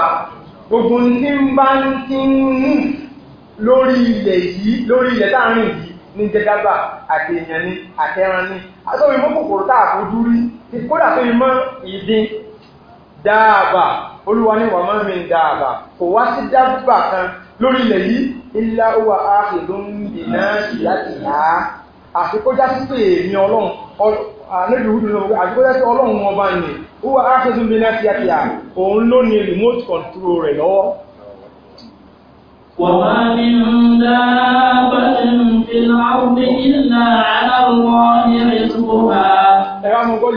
gbogbo tí ń bá ń tí ń mú lórí ilẹ̀ yìí lórí ilẹ̀ táàrin yìí ní jẹgàbà àti èèyàn ní àtẹran ní àtọ́wé mọ́ kòkòrò tá àfojú rí ti kódà tó mọ́ ìdín dáàbà olúwa ní wàmọ́ mi dáàbà kò wá sí dáàbà kan lórí ilẹ̀ yìí illa huwa akhidun bi nasiyatiha àfikọ́já sí pé èmi ọlọ́run àlejòwúdù náà àfikọ́já sí ọlọ́run wọn bá ní ó wà ákẹ́sùn bí náà kíákíá òun ló ní remote control rẹ̀ lọ́wọ́. ẹ̀rọ àwọn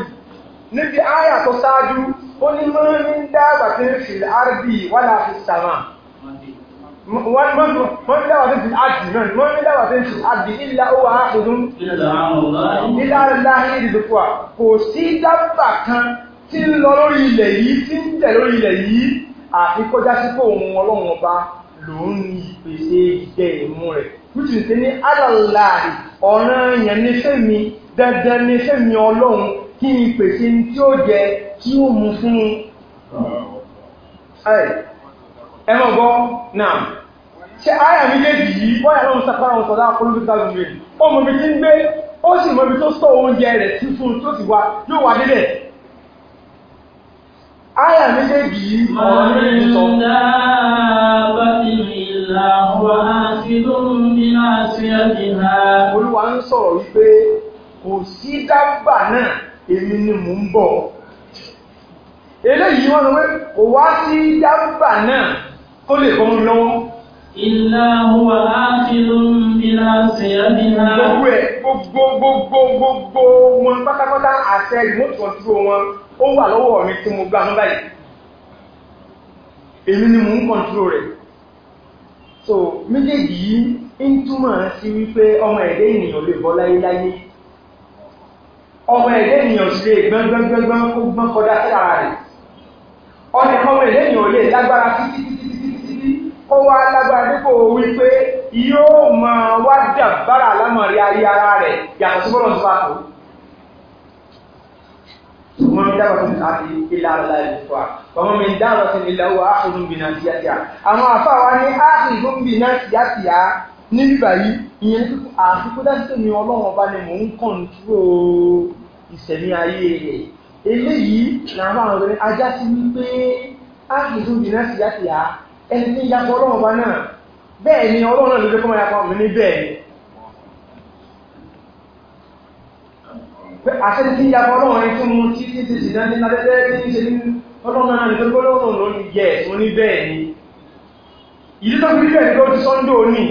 níbi àyà tó ṣáájú ó ní mọ́ ní dábàtí fi àrùbí wàlá fi sàmà wọ́n dáwà tó ti àjì náà wọ́n ní dáwà tó ti àjì ìlà ó wà áàrùn ìlà láàrin ìdìdòkúwà kò sí dábà kan tí ń lọ lórí ilẹ̀ yìí tí ń tẹ̀ lórí ilẹ̀ yìí àti kọjá sí pé òun ọlọ́run ọba lòun ní ìpèsè ìjẹ ìmú rẹ̀ ẹmọ gbọ́ náà ṣe àyà méjèèjì yìí wọ́n yà lọ́run sàkọ́rọ̀ ọ̀sọ̀ láà polúkú tá lùmí ó mọ ibi tí ń gbé ó sì mọ ibi tó sọ oúnjẹ rẹ̀ tuntun tó sì wá yóò wà délẹ̀ àyà méjèèjì yìí olúwa ń sọ̀rọ̀ wípé kò sí dábà náà èmi ni mò ń bọ̀ eléyìí wọn ni wọ́n kò wá sí náà ó lè kọ́ mú mi lọ́wọ́. Ìlà huwa ákìlùm bílá síyàbílá. Gbogbo ẹ̀ gbogbo gbogbo gbogbo wọn pátápátá àṣẹ remote control wọn ó wà lọ́wọ́ mi tí mo gbà mú báyìí. Èmi ni mò ń control rẹ̀. So méjèèjì yìí ń túmọ̀ sí wípé ọmọ ẹ̀dẹ́ ènìyàn lè bọ́ láyé láyé. Ọmọ ẹ̀dẹ́ ènìyàn sì lè gbọ́n gbọ́n gbọ́n gbọ́n kó gbọ́n kọjá sí ara rẹ̀. Ọ̀nà ọmọ ẹ̀dẹ́ ènìyàn lè lágbára títí títí ó wá lágbára dípò wípé yóò máa wá dàbára lámọ̀rí ayé ara rẹ̀ yàtọ̀ sí bọ́lọ̀ tó bá tó. ومن دابة في الأرض إلا على الله رزقها وما من دابة إلا هو آخذ àwọn àfa wa ní آخذ بناصيتها níbi báyìí ìyẹn àfikún dájú tó ní ọlọ́run ọba ni mò ń kọ̀ǹtúrò ìṣẹ̀mí ayé rẹ̀ eléyìí làwọn àwọn ọ̀rẹ́ ajá sí wípé áàkì tó ẹni yapọ̀ ọlọ́run bá náà bẹ́ẹ̀ ni ọlọ́run náà ló jẹ́ mi ní bẹ́ẹ̀ ni àṣẹ́ni tí yapọ̀ ọlọ́run ẹni mú tí tí ti jìnà ní lábẹ́lẹ́ tí ń ṣe ní ọlọ́run náà ní gbogbo ọlọ́run ló ní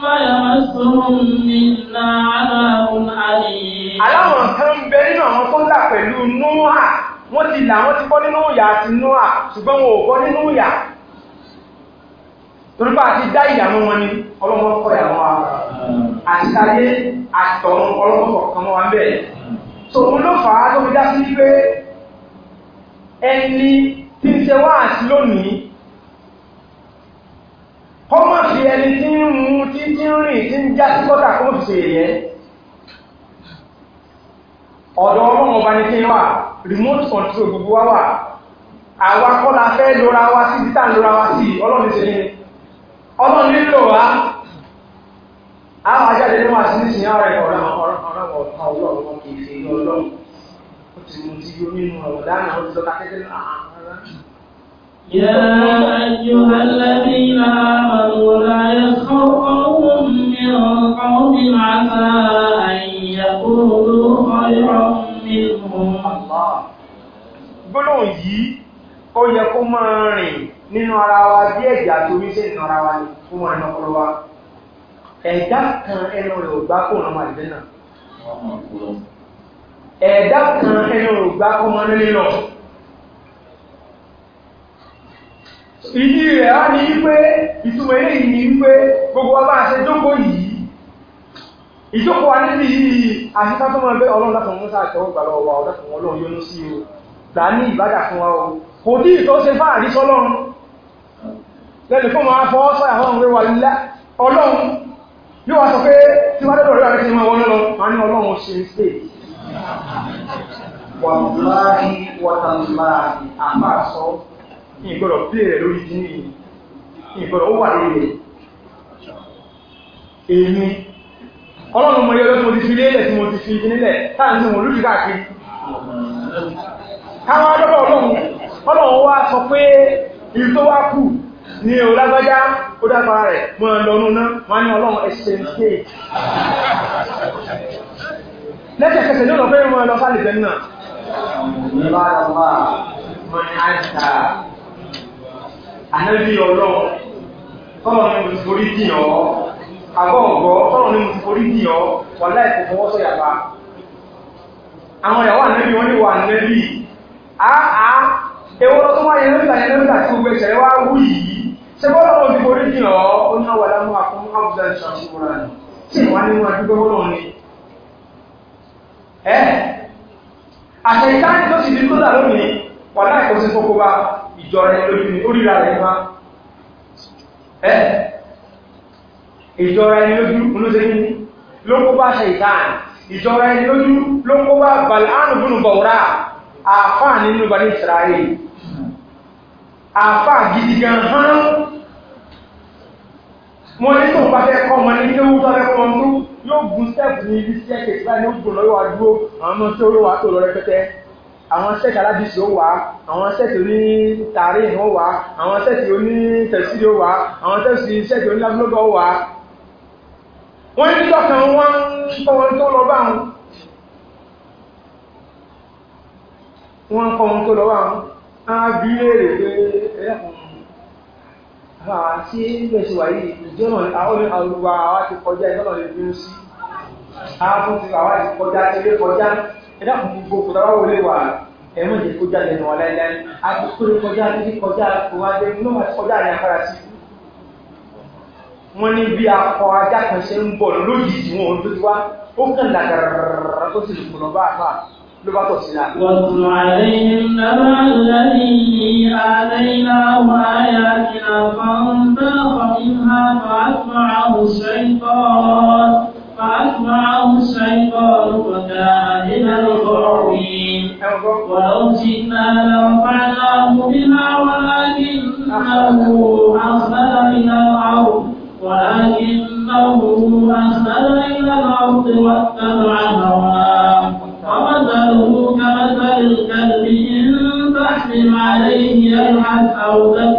Aláwọn kan ń bẹ nínú àwọn tó là pẹ̀lú Núhà, wọ́n ti là wọ́n ti kọ́ nínú ìyà àti Núhà, ṣùgbọ́n wọn ò kọ́ nínú ìyà. Torípa àti dá ìyàmú wọn ni ọlọ́mọ kọ́ ìyàmú wa. Àṣìṣàyé àti kọ́ má fi ẹni tí ń mú tí tí ń rìn tí ń já sí kọ́tà kó fi ṣe yẹ ọ̀dọ̀ ọlọ́run ọba ní kí n wà remote control gbogbo wa wà àwa kọ́ la fẹ́ lóra wa sí títà lóra wa sí ọlọ́run ṣe ní ọlọ́run nílò wa àwọn ajáde ní wà sí nísìnyí ara ẹ̀ ọ̀rọ̀ ọ̀rọ̀ ọ̀rọ̀ ọ̀rọ̀ ọ̀rọ̀ kìí ṣe ọlọ́run ó ti mú ti yóò nínú ọ̀rọ̀ dáná ó ti sọ يا أيها الذين آمنوا لا يسخر من قوم عسى أن يكونوا خيرا منهم gbólóhùn yìí ó yẹ kó máa rìn nínú ara wa bí ẹ̀jẹ̀ àti oríṣẹ́ nínú ara wa fún wọn ẹ̀nà wa ẹ̀dá kan ẹnu rẹ̀ ò gbá kó ọ̀nà máa dẹ́nà ẹ̀dá kan ẹnu rẹ̀ ò gbá kó ọmọ náà ìdí rẹ̀ á ní wípé ìtumọ̀ ilé yìí ní wípé gbogbo wa máa ṣe jókòó yìí ìjókòó wa níbi yìí àṣíká tó mọ́ ẹgbẹ́ ọlọ́run látọ̀ mọ́sá àtẹ́wọ́ gbà lọ́wọ́ wa ọ̀dọ́kùn ọlọ́run yọ́nú sí o gbà ní ìbádà fún wa o kò dí ìtọ́ ṣe fáàrí sọ́lọ́run lẹ́nu fún ma fọ́ sọ́yà ọlọ́run wé wa lílá ọlọ́run yóò wá sọ pé tí wá dọ́dọ̀ rẹ̀ ti mọ́ wọn lọ́run ma ní ọlọ́run ṣe ń pè wàláhí wàtàláhí àmà sọ ìgbọ́dọ̀ pèrè lórí kí ní ìgbọ́dọ̀ ó wà lórí èmi ọlọ́run mọ̀ yọ́lọ́ tí mo ti fi lélẹ̀ tí mo ti fi nílẹ̀ táàntí mo lórí káàkiri káwọn adọ́bọ̀ ọlọ́run ọlọ́run wá sọ pé ìlú tó wá kù ní olágbájá ó dábàá rẹ̀ mọ́ lọ́nu náà wọ́n ní ọlọ́run ẹ̀ṣẹ̀ ń ṣe lẹ́sẹ̀kẹsẹ̀ ní ọ̀nà fẹ́ mọ́ lọ sálẹ̀ jẹ́ náà ànábì ọlọ́ tọ́lọ̀ ní mo ti forí dì ọ́ àgọ́ọ̀gọ́ tọ́lọ̀ ní mo ti forí dì ọ́ wà láì kò fọwọ́ sọ̀yà bá àwọn ìyàwó ànábì wọn ní wà ànábì àá ewu lọ tó wáyé lóta yẹn lóta tí gbogbo ẹ̀ṣẹ̀ wá wú yìí ṣé bọ́lá mo ti dì ọ́ ó ní wà lámú àfún àbúzá ìṣàkóra ni tí wà láì kò sí fọ́kọ́ jọ rẹ lójú ni ó ríra rẹ wá ẹ́ ìjọra ẹni lójú olóṣèlú ló kó bá ṣe ìtàn ìjọra ẹni lójú ló kó bá balánù búnú bọ̀wọ́rá àfáà nínú bá ní Israel àfáà gidi gan hán wọ́n ní tó bá fẹ́ kọ́ wọn ní tó bá fẹ́ kọ́ wọn tó yóò gún stẹ́ẹ̀pù àwọn sẹ́ẹ̀tì aládìsí ó wà àwọn sẹ́ẹ̀tì oní tààrí ó wà àwọn sẹ́ẹ̀tì oní tẹ̀sílì ó wà àwọn sẹ́ẹ̀tì oní lábúlọ́gbọ̀ ó wà wọ́n ní dọ́kan wọ́n ń kọ́ wọn tó lọ bá wọn wọ́n ń kọ́ wọn tó lọ bá wọn á bí léèrè pé ẹ̀yàkùn àti ìgbésí wà yìí ìjọ́nà àwọn olùwà àwa ti kọjá ìjọ́nà lè bínú sí àwọn tó ti àwa ti kọjá ilé kọjá ẹ̀dá kan gbogbo kò wọlé wà ẹ̀mọ́ ìdè kọjá lẹ́nu wọn láíláí àkókò kọjá títí kọjá òun adé ló máa kọjá rẹ̀ afárá sí wọ́n ní bí akọ ajá kan ṣe ń bọ̀ lójijì wọn ló ti wá ó kàn làgàràràrà tó ti lùkùn lọ́ba àfà ló bá tọ̀ sí náà. وَاتْلُ عَلَيْهِمْ نَبَأَ الَّذِي آتَيْنَاهُ آيَاتِنَا فَانْسَلَخَ مِنْهَا فَأَتْبَعَهُ الشَّيْطَانُ فأتبعه الشيطان فكان من الغاوين ولو شئنا لرفعناه بها ولكنه أخلد إلى الأرض ولكنه أخلد إلى الأرض واتبع هواه فمثله كمثل الكلب إن تحمل عليه يلحث أو تبع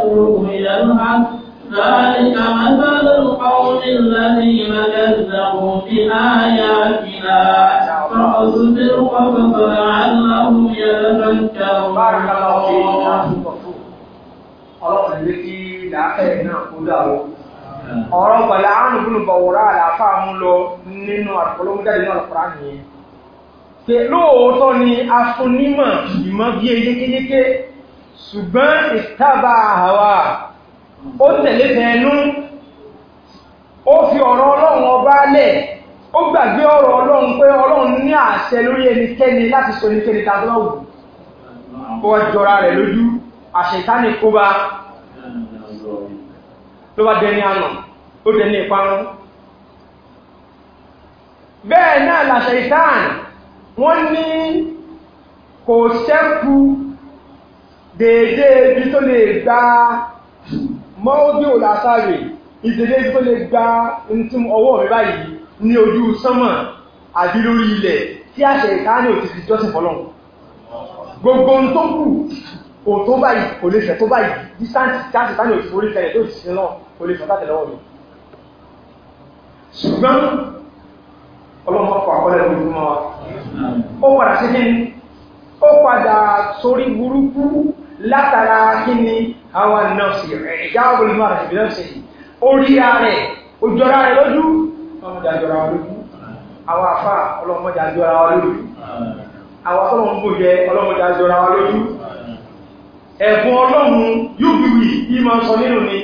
lóòótọ́ ni a fún nímọ̀ ìmọ̀ bí yékéyéké ṣùgbọ́n ìtàbà àwà ó tẹ̀lé fẹ́ẹ̀nú ó fi ọ̀rọ̀ ọlọ́run ọba lẹ̀ ó gbàgbé ọ̀rọ̀ ọlọ́run pé ọlọ́run ní àṣẹ lórí ẹnikẹ́ni láti sọ ẹnikẹ́ni wọ́n ní kò ṣẹ́kù déédé ibi tó lè gba mọ́ọ́dí òlàsáre ìdèdé ibi tó lè gba ọwọ́ rẹ̀ báyìí ní ojú sánmọ̀ àbí lórí ilẹ̀ tí àṣẹ ìkáàní ò ti fi jọ́sìn fọ́lọ́n gbogbo ohun tó kù kò tó báyìí kò lè fẹ̀ tó báyìí distance tí àṣẹ ìkáàní ò ti forí fẹ̀rẹ̀ tó ti sin náà kò lè fẹ̀ ó padà sí kí ni ó padà sórí burúkú látara kí ni àwọn nọ́ọ̀sì rẹ̀ ìjà ọ̀gbọ̀n ìmọ̀ àti ìbílẹ̀ọ̀sì orí ààrẹ òjọra rẹ̀ lójú ọmọdé àjọra wa lójú àwọn àfà ọlọ́mọdé àjọra wa lójú àwọn ọlọ́mọ bòjẹ ọlọ́mọdé àjọra wa lójú ẹ̀bùn ọlọ́run yóò wíwì ìmọ̀ sọ nínú ni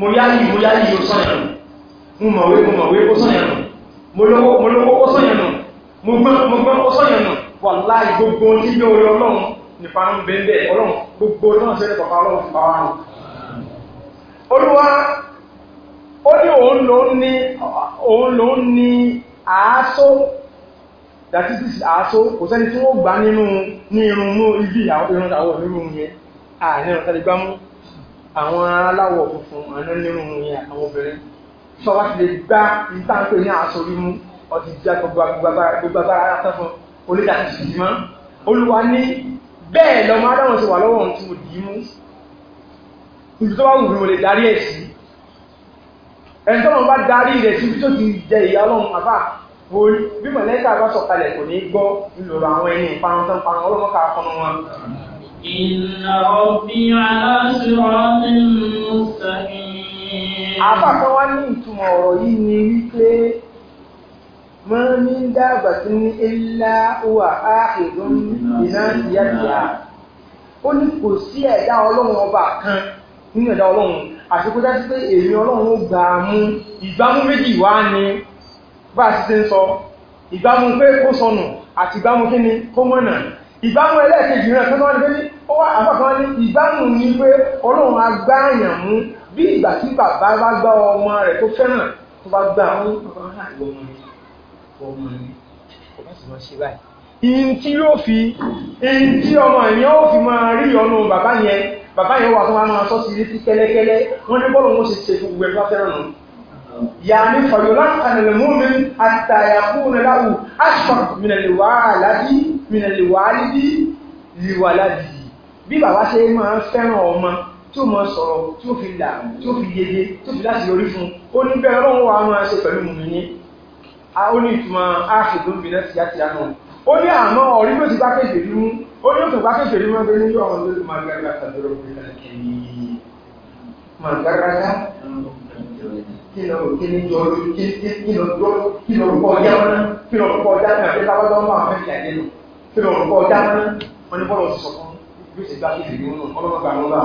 mo yáyí mo yáyí ó sọ̀yàn mo mọ̀wé mo mọ̀wé ó sọ̀yàn mọ́lọ́wọ́ ó sọ̀yànà mọ́gbọ́n ó sọ̀yànà wà láì gbogbo tí yóò rí ọlọ́run nípa ń bẹ́ẹ̀ bẹ́ẹ̀ ọlọ́run gbogbo náà sẹ́lẹ̀ pàpá ọlọ́run fún bàbá rẹ̀ olúwa ó ní òun lòun ní òun lòun ní àásó that is this àásó kò sẹ́ni tí wọ́n gbà nínú ní irun mú ibi irun àwọn onírun yẹn àárín ọ̀tẹ́lẹgbámú àwọn aláwọ̀ funfun àwọn onírun yẹn àwọn obìnrin tí wọ́n bá ti lè gbá ìtànkè ní aṣọ orí mú ọtí já gbogbo agbára látọ́ fún oníkà ti sì mọ́ olúwa ní bẹ́ẹ̀ lọ́mọ adáwọn ti wà lọ́wọ́ ohun tí mo dì í mú ibi tó bá wù mí mo lè darí ẹ̀ sí ẹni tó wọn bá darí rẹ̀ síbi tó ti jẹ ìyá ọlọ́run àbá wo bí mọ̀lẹ́kà bá sọ̀kalẹ̀ kò ní gbọ́ ńlọrọ̀ àwọn ẹni ìparun tó ń parun ọlọ́mọkà fọnù wọn. Inna rabbi ala siratin mustaqim. Àbá kan wá ní ìtumọ̀ ọ̀rọ̀ yìí ni wípé máa ní dáàbà tí ní ilá wà áàkìdún iná ìyájìá ó ní kò sí ẹ̀dá ọlọ́run ọba kan nínú ẹ̀dá ọlọ́run àti kó dájú pé èmi ọlọ́run ó gbà á mú ìgbámú méjì wá ni bá a ti ṣe ń sọ ìgbámú pé kó sọnù àti ìgbámú kí ni kó mọ̀nà ìgbámú ẹlẹ́ẹ̀kejì náà tó wá ní pé ó wá ní ìgbámú ni pé ọlọ́run agbáàyàn mú bí ìgbà tí bàbá bá gbá ọmọ rẹ̀ tó fẹ́ràn tó bá gbá àwọn ọmọ rẹ̀ ọmọ rẹ̀ ọmọ rẹ̀ kò bá sì máa ṣe báyìí. ìyìn tí yóò fi ìyìn tí ọmọ yẹn ó fi máa rí ọ̀nà bàbá yẹn bàbá yẹn wà tó máa máa sọ́ sí létí kẹ́lẹ́kẹ́lẹ́ wọ́n ní bọ́ọ̀lù wọn ṣe ṣe fún gbogbo ẹ̀ fẹ́ràn nù. yàní fàyọlá kanilẹ̀ mọ́mi àtàyàkú níláwù ashfaq mìnàlìwà àládì mìnàlìwà àlídì lìwà àládì bí bàbá ṣe máa fẹ́ràn ọmọ tí ó mọ sọ̀rọ̀ tí ó fi là tí ó fi yeye tí ó fi láti orí fún ó ní bẹ́ẹ̀ ọlọ́run wa máa ṣe pẹ̀lú mùmí ní ó ní ìtumọ̀ áàfìdó ń bìnà tìyàtìyà náà ó ní àmọ́ ọ̀rí ló ti bá kéde rí mú ó ní òkè bá kéde rí mú ẹgbẹ́ ní ọ̀run ló máa gbàgbà tàbí ọ̀rọ̀ máa gbàgbà kí lọ kí ní jọ lójú kí kí lọ jọ kí lọ rúkọ ọjà wọn kí lọ rúkọ ọjà náà àbẹ́ta wọn lọ́wọ́ àwọn mẹ́fì kí lọ rúkọ ọjà wọn náà wọn ní bọ́ọ̀lù sọ̀kan bí ó ti gbá kéde rí mú ọlọ́mọgbà wọn náà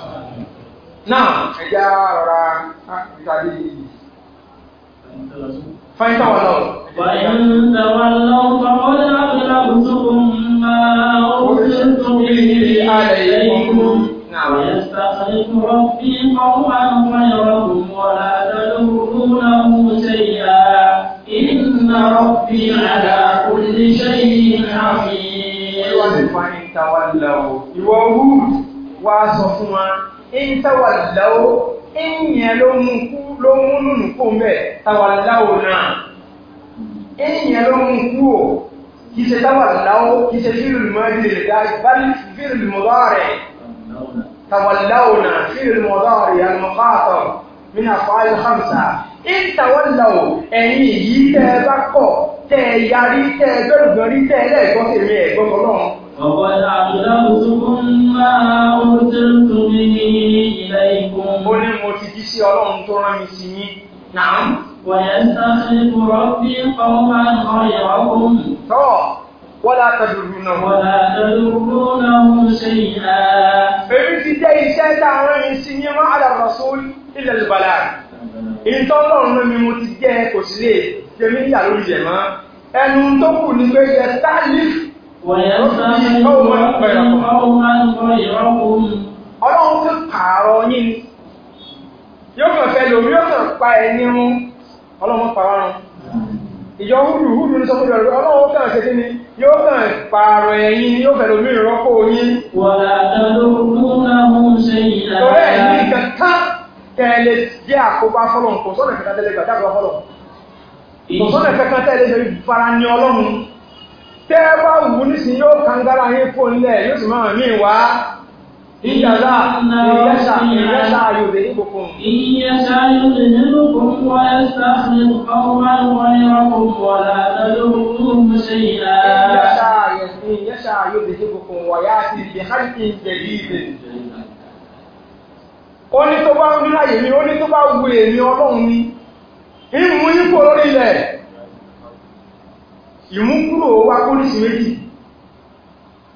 náà ẹja rọra ìtàdé yìí fáyín tàwà lọ. ربي إن ربي على كل شيء حفيظ. wọ́n ti fa ìntawàláwó ìyẹn ló mú lónú kó mẹ́ tawàláwó náà ìyẹn ló mú kú ò kìí ṣe tawàláwó kìí ṣe fíìlì mọ́dárẹ̀ تولونا في المضارع المخاطب من أفعال الخمسة إن تولوا ẹ̀yin yìí tẹ́ ẹ bá kọ̀ tẹ́ ẹ وقد أبلغتكم ما أرسلت به إليكم قل المرتدس يرون ترى نعم ويستخلف ربي قوما غيركم wọ́lá tẹ̀lúrúnà wọ́lá tẹ̀lúrúnà wọ́n ṣe ìhà. Èmi ti jẹ́ iṣẹ́ tá a rán yín sí ní wọ́n àdàrọ̀ sórí ilẹ̀ ìbàlá. Ìtọ́lọ́run ni mo ti jẹ́ kò sí lè jẹ́mí ìyà lórí jẹ̀ mọ́. Ẹnu tó kù ni pé Ọlọ́run tó pààrọ̀ yín yóò kàn fẹ́ lòmí yóò kàn pa ẹni rún ọlọ́run pààrọ̀ rún. Ìjọ húrù húrù ní sọpọ̀ ìrọ̀lú ọlọ́run kàn ṣe kí ni yóò kàn pààrọ̀ ẹ̀yìn yóò fẹ́ lòmí ìrọ́pò yín. Wàlá tẹ́lú tẹ́ ẹ bá wù nísìnyí yóò kangara yín kó nílẹ̀ yóò sì máa mí wá. Ìyàrá ìyẹ́sà ìyẹ́sà yòdè ìbùkún. Ìyẹ́sà yòdè ìbùkún wá ẹ̀sà ìbùkún tó bá ń bí láyé mi, ó ní tó bá wù èmi ọlọ́run ni. Ìmú yín kò lórí ilẹ̀ ìmúkúrò wá pólísì méjì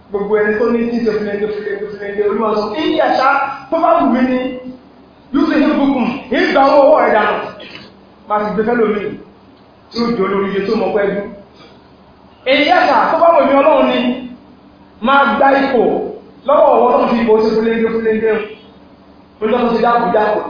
gbogbo ẹni tó ní tí ìṣẹ̀fìnlẹ̀ ìṣẹ̀fìnlẹ̀ olúwa sọ ilé àṣà tó bá wù mí ní yúṣe ní gbogbo ìgbà owó ọwọ́ rẹ̀ dànù bá ti gbẹ́fẹ́ lómi tí ó jọ lórí iye tó mọ̀ pẹ́ẹ́dú èyí àṣà tó bá wù mí ọlọ́run ni máa gba ipò lọ́wọ́ ọwọ́ tó fi ipò sí fúlẹ́ńdé fúlẹ́ńdé ń lọ́tọ́ sí dákùjákù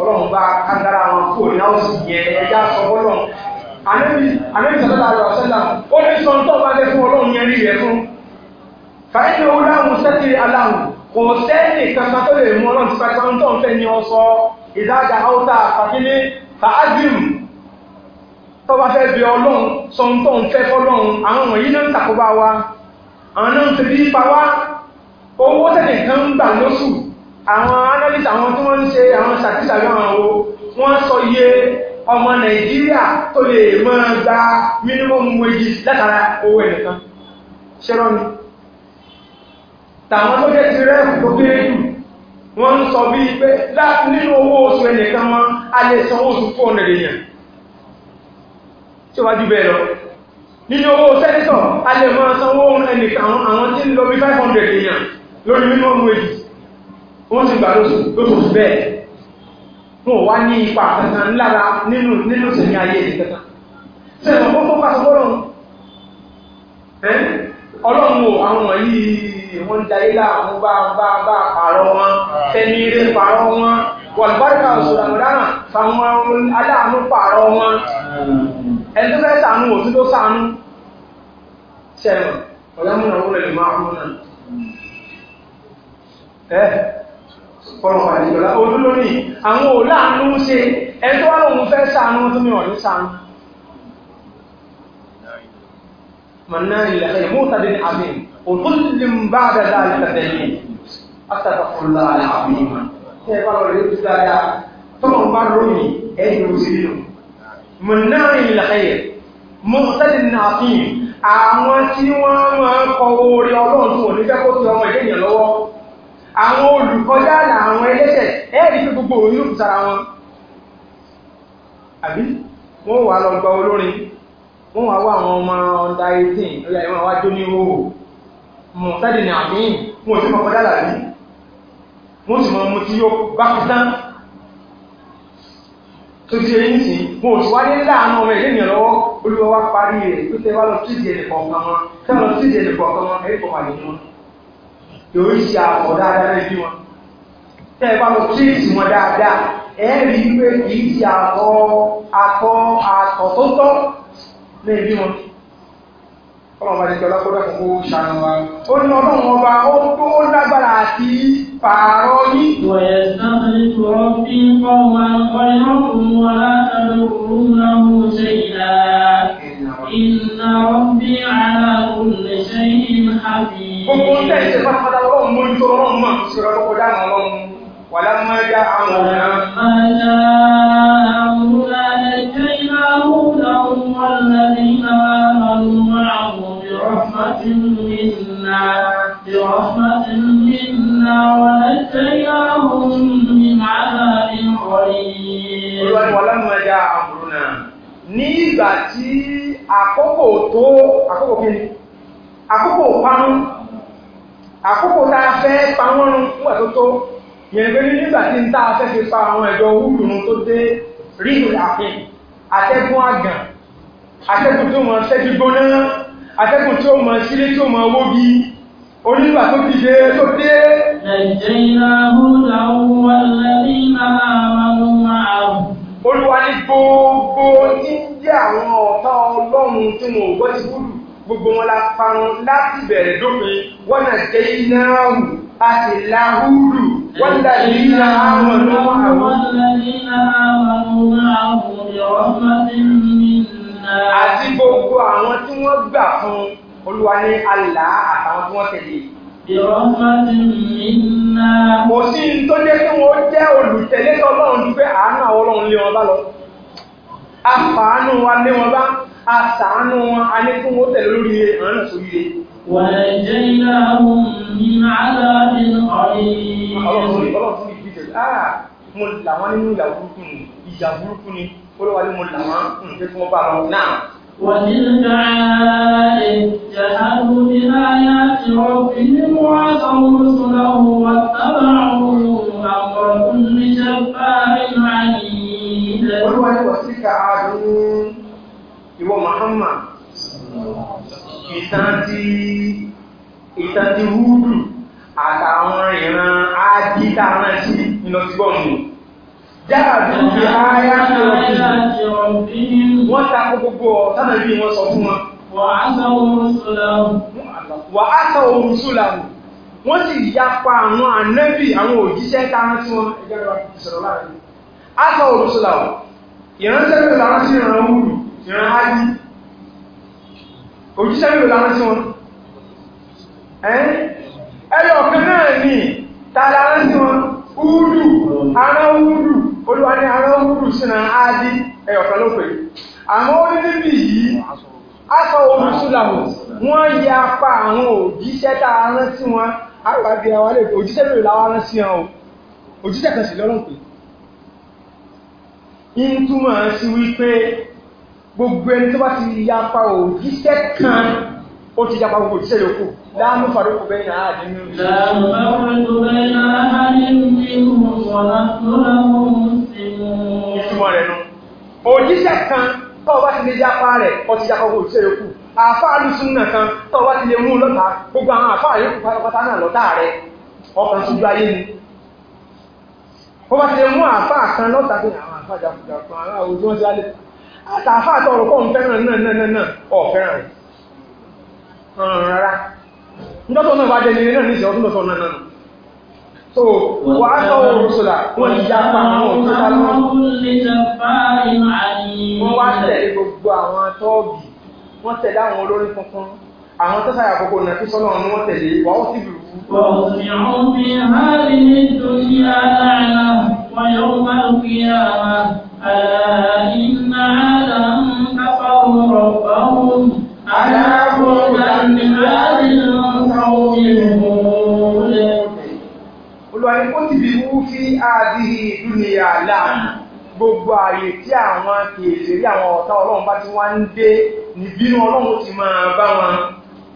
ọlọ́run bá kágára àwọn kò ní àwọn sì yẹ ẹja sọ ọlọ́run àlẹ́bí àlẹ́bí sọ̀tọ́ta àlọ́ sẹ́lá ó ní sọ tó bá dé fún ọlọ́run yẹn rí rẹ fún fàyẹ̀dẹ̀ owó láwọn sẹ́tì aláwọ̀ kò sẹ́ẹ̀nì kankan tó lè mú ọlọ́run ti pàṣẹ tó ń fẹ́ ní ọ sọ ìdájà áwùtà fàkíní fàájìm tó bá fẹ́ bí ọlọ́run sọ tó ń fẹ́ fọlọ́run àwọn wọ̀nyí náà ń tàkóbá wa àwọn náà ń fi bí pa wá owó sẹ́ẹ̀nì kan ń gbà lóṣù àwọn analyst àwọn tó wọ́n ń ṣe àwọn statistics àwọn àwọn wọ́n sọ iye ọmọ nàìjíríà tó lè máa gba minimum wage látara owó ẹ̀nìkan ṣẹ́rọ́ ni tàwọn tó jẹ́ ti rẹ́ẹ̀kù tó kéré jù wọ́n ń sọ bí pé nínú owó oṣù ẹnìkan wọn a lè san oṣù 400 èèyàn tí ó wájú bẹ́ẹ̀ lọ nínú owó sẹ́nitọ̀ a lè máa sanwó ẹnìkan àwọn tí ń lọ bí 500 èèyàn lórí minimum wage ó sì gbà lóṣù lóṣù bẹ́ẹ̀ wọn wá ní ipa kankan lára nínú nínú sẹ̀mí ayé ẹni kankan sẹ́yìn ọ̀pọ̀ fún pàṣẹ bọ́lọ́run ọlọ́run wo àwọn wọ̀nyí wọ́n ń dayé láàmú bá bá bá pààrọ̀ wọn fẹ́mi ré pààrọ̀ wọn wọ̀lùbáríkà òṣèlú àmúdánà fáwọn aláàánú pààrọ̀ wọn ẹni tó fẹ́ sàánú òtún tó sàánú sẹ́yìn ọ̀làmúnà wọlé lè máa fún náà fọ́nà àdìjọ́lá olólórí àwọn òláàánú ń ṣe ẹni tó wá lóun fẹ́ ṣàánú tó mìíràn ní ṣàánú mọ̀nà ìlẹ̀kẹ́ mọ́tàdé àbín òtúlùm bá dàda ìtàdẹ̀yìn àtàkùnlá àbín tẹ́ bá lọ rí tí wọ́n máa kọ orí ọlọ́run tó wọ́n ní fẹ́ kó fi ọmọ ìdẹ́yìn lọ́wọ́ àwọn olùkọjá àlà àwọn ẹlẹ́ṣẹ̀ ẹ́ẹ̀rí pé gbogbo òun yóò sára wọn àbí wọ́n wà lọ gba olórin wọ́n wà wá àwọn ọmọ ọ̀dà 18 lórí àwọn àwájú ní owó mọ̀ sáde ní àmìín wọn ò sí mọ̀kọjá làbí wọ́n sì mọ̀ mú tí yóò bá kútán tó ti ẹ̀yìn sí wọn ò sì wáyé láàánú ọmọ ìlú ènìyàn lọ́wọ́ olúwa wá parí rẹ̀ pé tẹ́ wá lọ sí ìdí yóò ṣe àpọ̀ dáadáa lẹ́bí wọn. Tẹ́ ẹ bá lọ tíìsì wọn dáadáa, ẹ rí i pé kì í ṣe àtọ̀ àtọ̀ àtọ̀ tó tọ́ lẹ́bí wọn. Ọlọ́run bá dẹ̀kẹ́ ọlọ́kọ́ dẹ́kun Ó ní ọlọ́run ọba ó tó lágbára àti pààrọ̀ yìí. Inna rabbi ala kulli shay'in hafiz. Gbogbo ń tẹ̀sí pátápátá ọlọ́run mú ní tọrọ ọmọ ìṣòro ọkọ̀ dáná ọlọ́run. Wà lámọ́ já àwọn ọ̀nà. Àjà àwùrà ẹ̀jẹ̀ iná wúlà wọn lẹ́ni náà ìgbà tí àkókò tó àkókò kí àkókò pánú àkókò tá a fẹ́ pamọ́rún nígbà tó tó yẹn pé nígbà tí ń tá a fẹ́ fi pa àwọn ẹ̀dọ̀ wúlùrún tó dé ríru àfihàn atẹ́gùn àgàn atẹ́gùn tó mọ ṣẹ́jú olúwa ní gbogbo ní àwọn ọ̀tá ọlọ́run tí wọn ò gbọ́ ti búdù gbogbo wọn la parun láti bẹ̀rẹ̀ dópin wọ́n nà jẹ́ iná hù a sì la húdù wọ́n dà ní iná àwọn ọlọ́run àwọn. àti gbogbo àwọn tí wọ́n gbà fún olúwa ní àlá àtàwọn tí wọ́n tẹ̀lé. Kò sí ní tó jẹ́ kí wọ́n jẹ́ olùtẹ̀lé tọ́lọ́run ju pé àánú àwọn ọlọ́run lé wọn bá lọ afàánú wa lé wọn bá àtàánú wọn a ní fún ó tẹ̀lé lórí ilé àwọn náà sórí ilé. wàlẹ̀jẹ́ iná ọ̀hún ní àlá nínú ọ̀rẹ́. ọlọ́run ní ọlọ́run fún ni ìyà burúkú jẹ́ kí wọ́n bá wọn náà. وتلك عائد جحدوا بآيات olúwa ní wàsíkà àádùn ìwọ Muhammad ìtàn ti húdù àtàwọn ìran ádítà náà sí ìlọsíbọ̀mù jáàdù ní ayá wọ́n takó gbogbo ọ̀tánà bí wọ́n sọ fún wọn wà á sọ ohun súlàmù wọ́n sì yapa àwọn ànẹ́bì àwọn òjíṣẹ́ tánà tí wọ́n ẹgbẹ́rẹ̀ ásà olùsìláwò ìránṣẹ́ mẹ́rin láwọn sí ìran wùrù ìran hajji òjíṣẹ́ mẹ́rin láwọn sí wọn ẹ̀yọ̀ ọ̀kan náà ní tààlà rán sí wọn úrù ara úrù olúwa ní ara úrù sínà hajji ẹ̀yọ̀ ọ̀kan ló pè àmọ́ ó ní níbi yìí ásà olùsìláwò wọ́n ya pa àwọn òjíṣẹ́ tààrán sí wọn àgbàgbé àwọn òjíṣẹ́ mẹ́rin láwọn sí wọn òjíṣẹ́ kan sì lọ́rùn pè in túmọ̀ sí wípé gbogbo ẹni tó bá ti yapa òjíṣẹ́ kan ó ti yapa gbogbo òjíṣẹ́ yòókù láàmú farókù bẹ́ẹ̀ náà àdé nínú rẹ̀. láàmú farókù bẹ́ẹ̀ náà àdé nínú rẹ̀. ìtumọ̀ rẹ̀ nù òjíṣẹ́ kan tó bá ti lè yapa rẹ̀ ó ti yapa gbogbo òjíṣẹ́ yòókù àfáà lùsùn náà kan àfàjàfàjà kan ará ojú wọn jálẹ̀ àtàfà àtọ̀rọ̀ kọ́ ń fẹ́ràn náà náà náà ọ̀ fẹ́ràn ọ̀ràn rárá nígbàtọ̀ náà bá jẹ́ nílé náà àwọn tó sáyà àkókò náà kí sọ́nà ọ̀nà wọ́n tẹ̀lé wà ó sì bì wú. ọ̀sìn fi hàlì ní torí aláàlá wọ́n yóò máa ń fi àmà àìnà àlà ń kápá ọ̀rọ̀ báwọn aláàbò dàmì láti lọ́kọ̀ òyìnbó lẹ́. olùwà ni ó ti bì wú sí àdìrí dúnìyà láàmú gbogbo ààyè tí àwọn kèèṣèrí àwọn ọ̀tá ọlọ́run bá ti wá ń dé nìbínú ọlọ́run ti máa bá wọn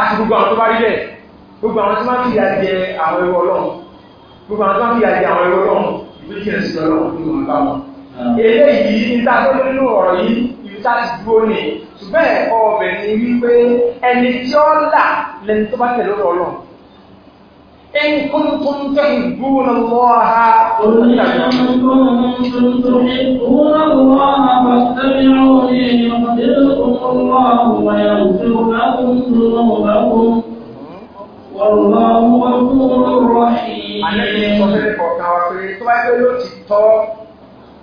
àti gbogbo àwọn tó bá rí lẹ̀ gbogbo àwọn tó máa ń fìyà jẹ àwọn ẹrú ọlọ́run gbogbo àwọn tó máa ń fìyà jẹ àwọn ẹrú ọlọ́run ìgbésẹ̀ sí ọlọ́run ní wọn bá wọn. Ah. eléyìí ní ta tó nínú ọ̀rọ̀ yìí ibi tá ti dúró ní ṣùgbọ́n ẹ̀kọ́ là lẹni tó bá إن كنتم تحبون الله قل إن كنتم تحبون الله فاتبعوني يغفركم الله ويغفر لكم ذنوبكم والله غفور رحيم. Àlejò sọ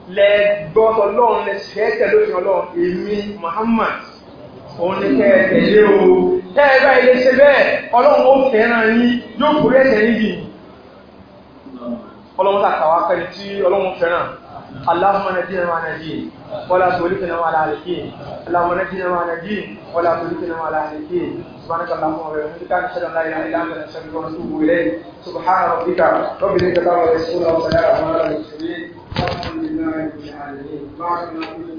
fẹ́rẹ̀ kọ̀ọ̀kan wa òun ni kẹ́ ẹ tẹ̀lé o tẹ́ ẹ bá ilé ṣe bẹ́ẹ̀ ọlọ́run ó fẹ́ràn yín yóò kórè ẹ̀ṣẹ̀ níbi ọlọ́run tàkà wá pẹ̀lú tí ọlọ́run fẹ́ràn اللهم نجينا مع نجين ولا تهلكنا مع الهالكين اللهم نجينا مع نجين ولا تهلكنا مع الهالكين سبحانك اللهم وبحمدك نشهد ان لا اله الا انت نستغفرك ونتوب اليك سبحان ربك رب العزه عما يصفون وسلام على المرسلين الحمد لله رب العالمين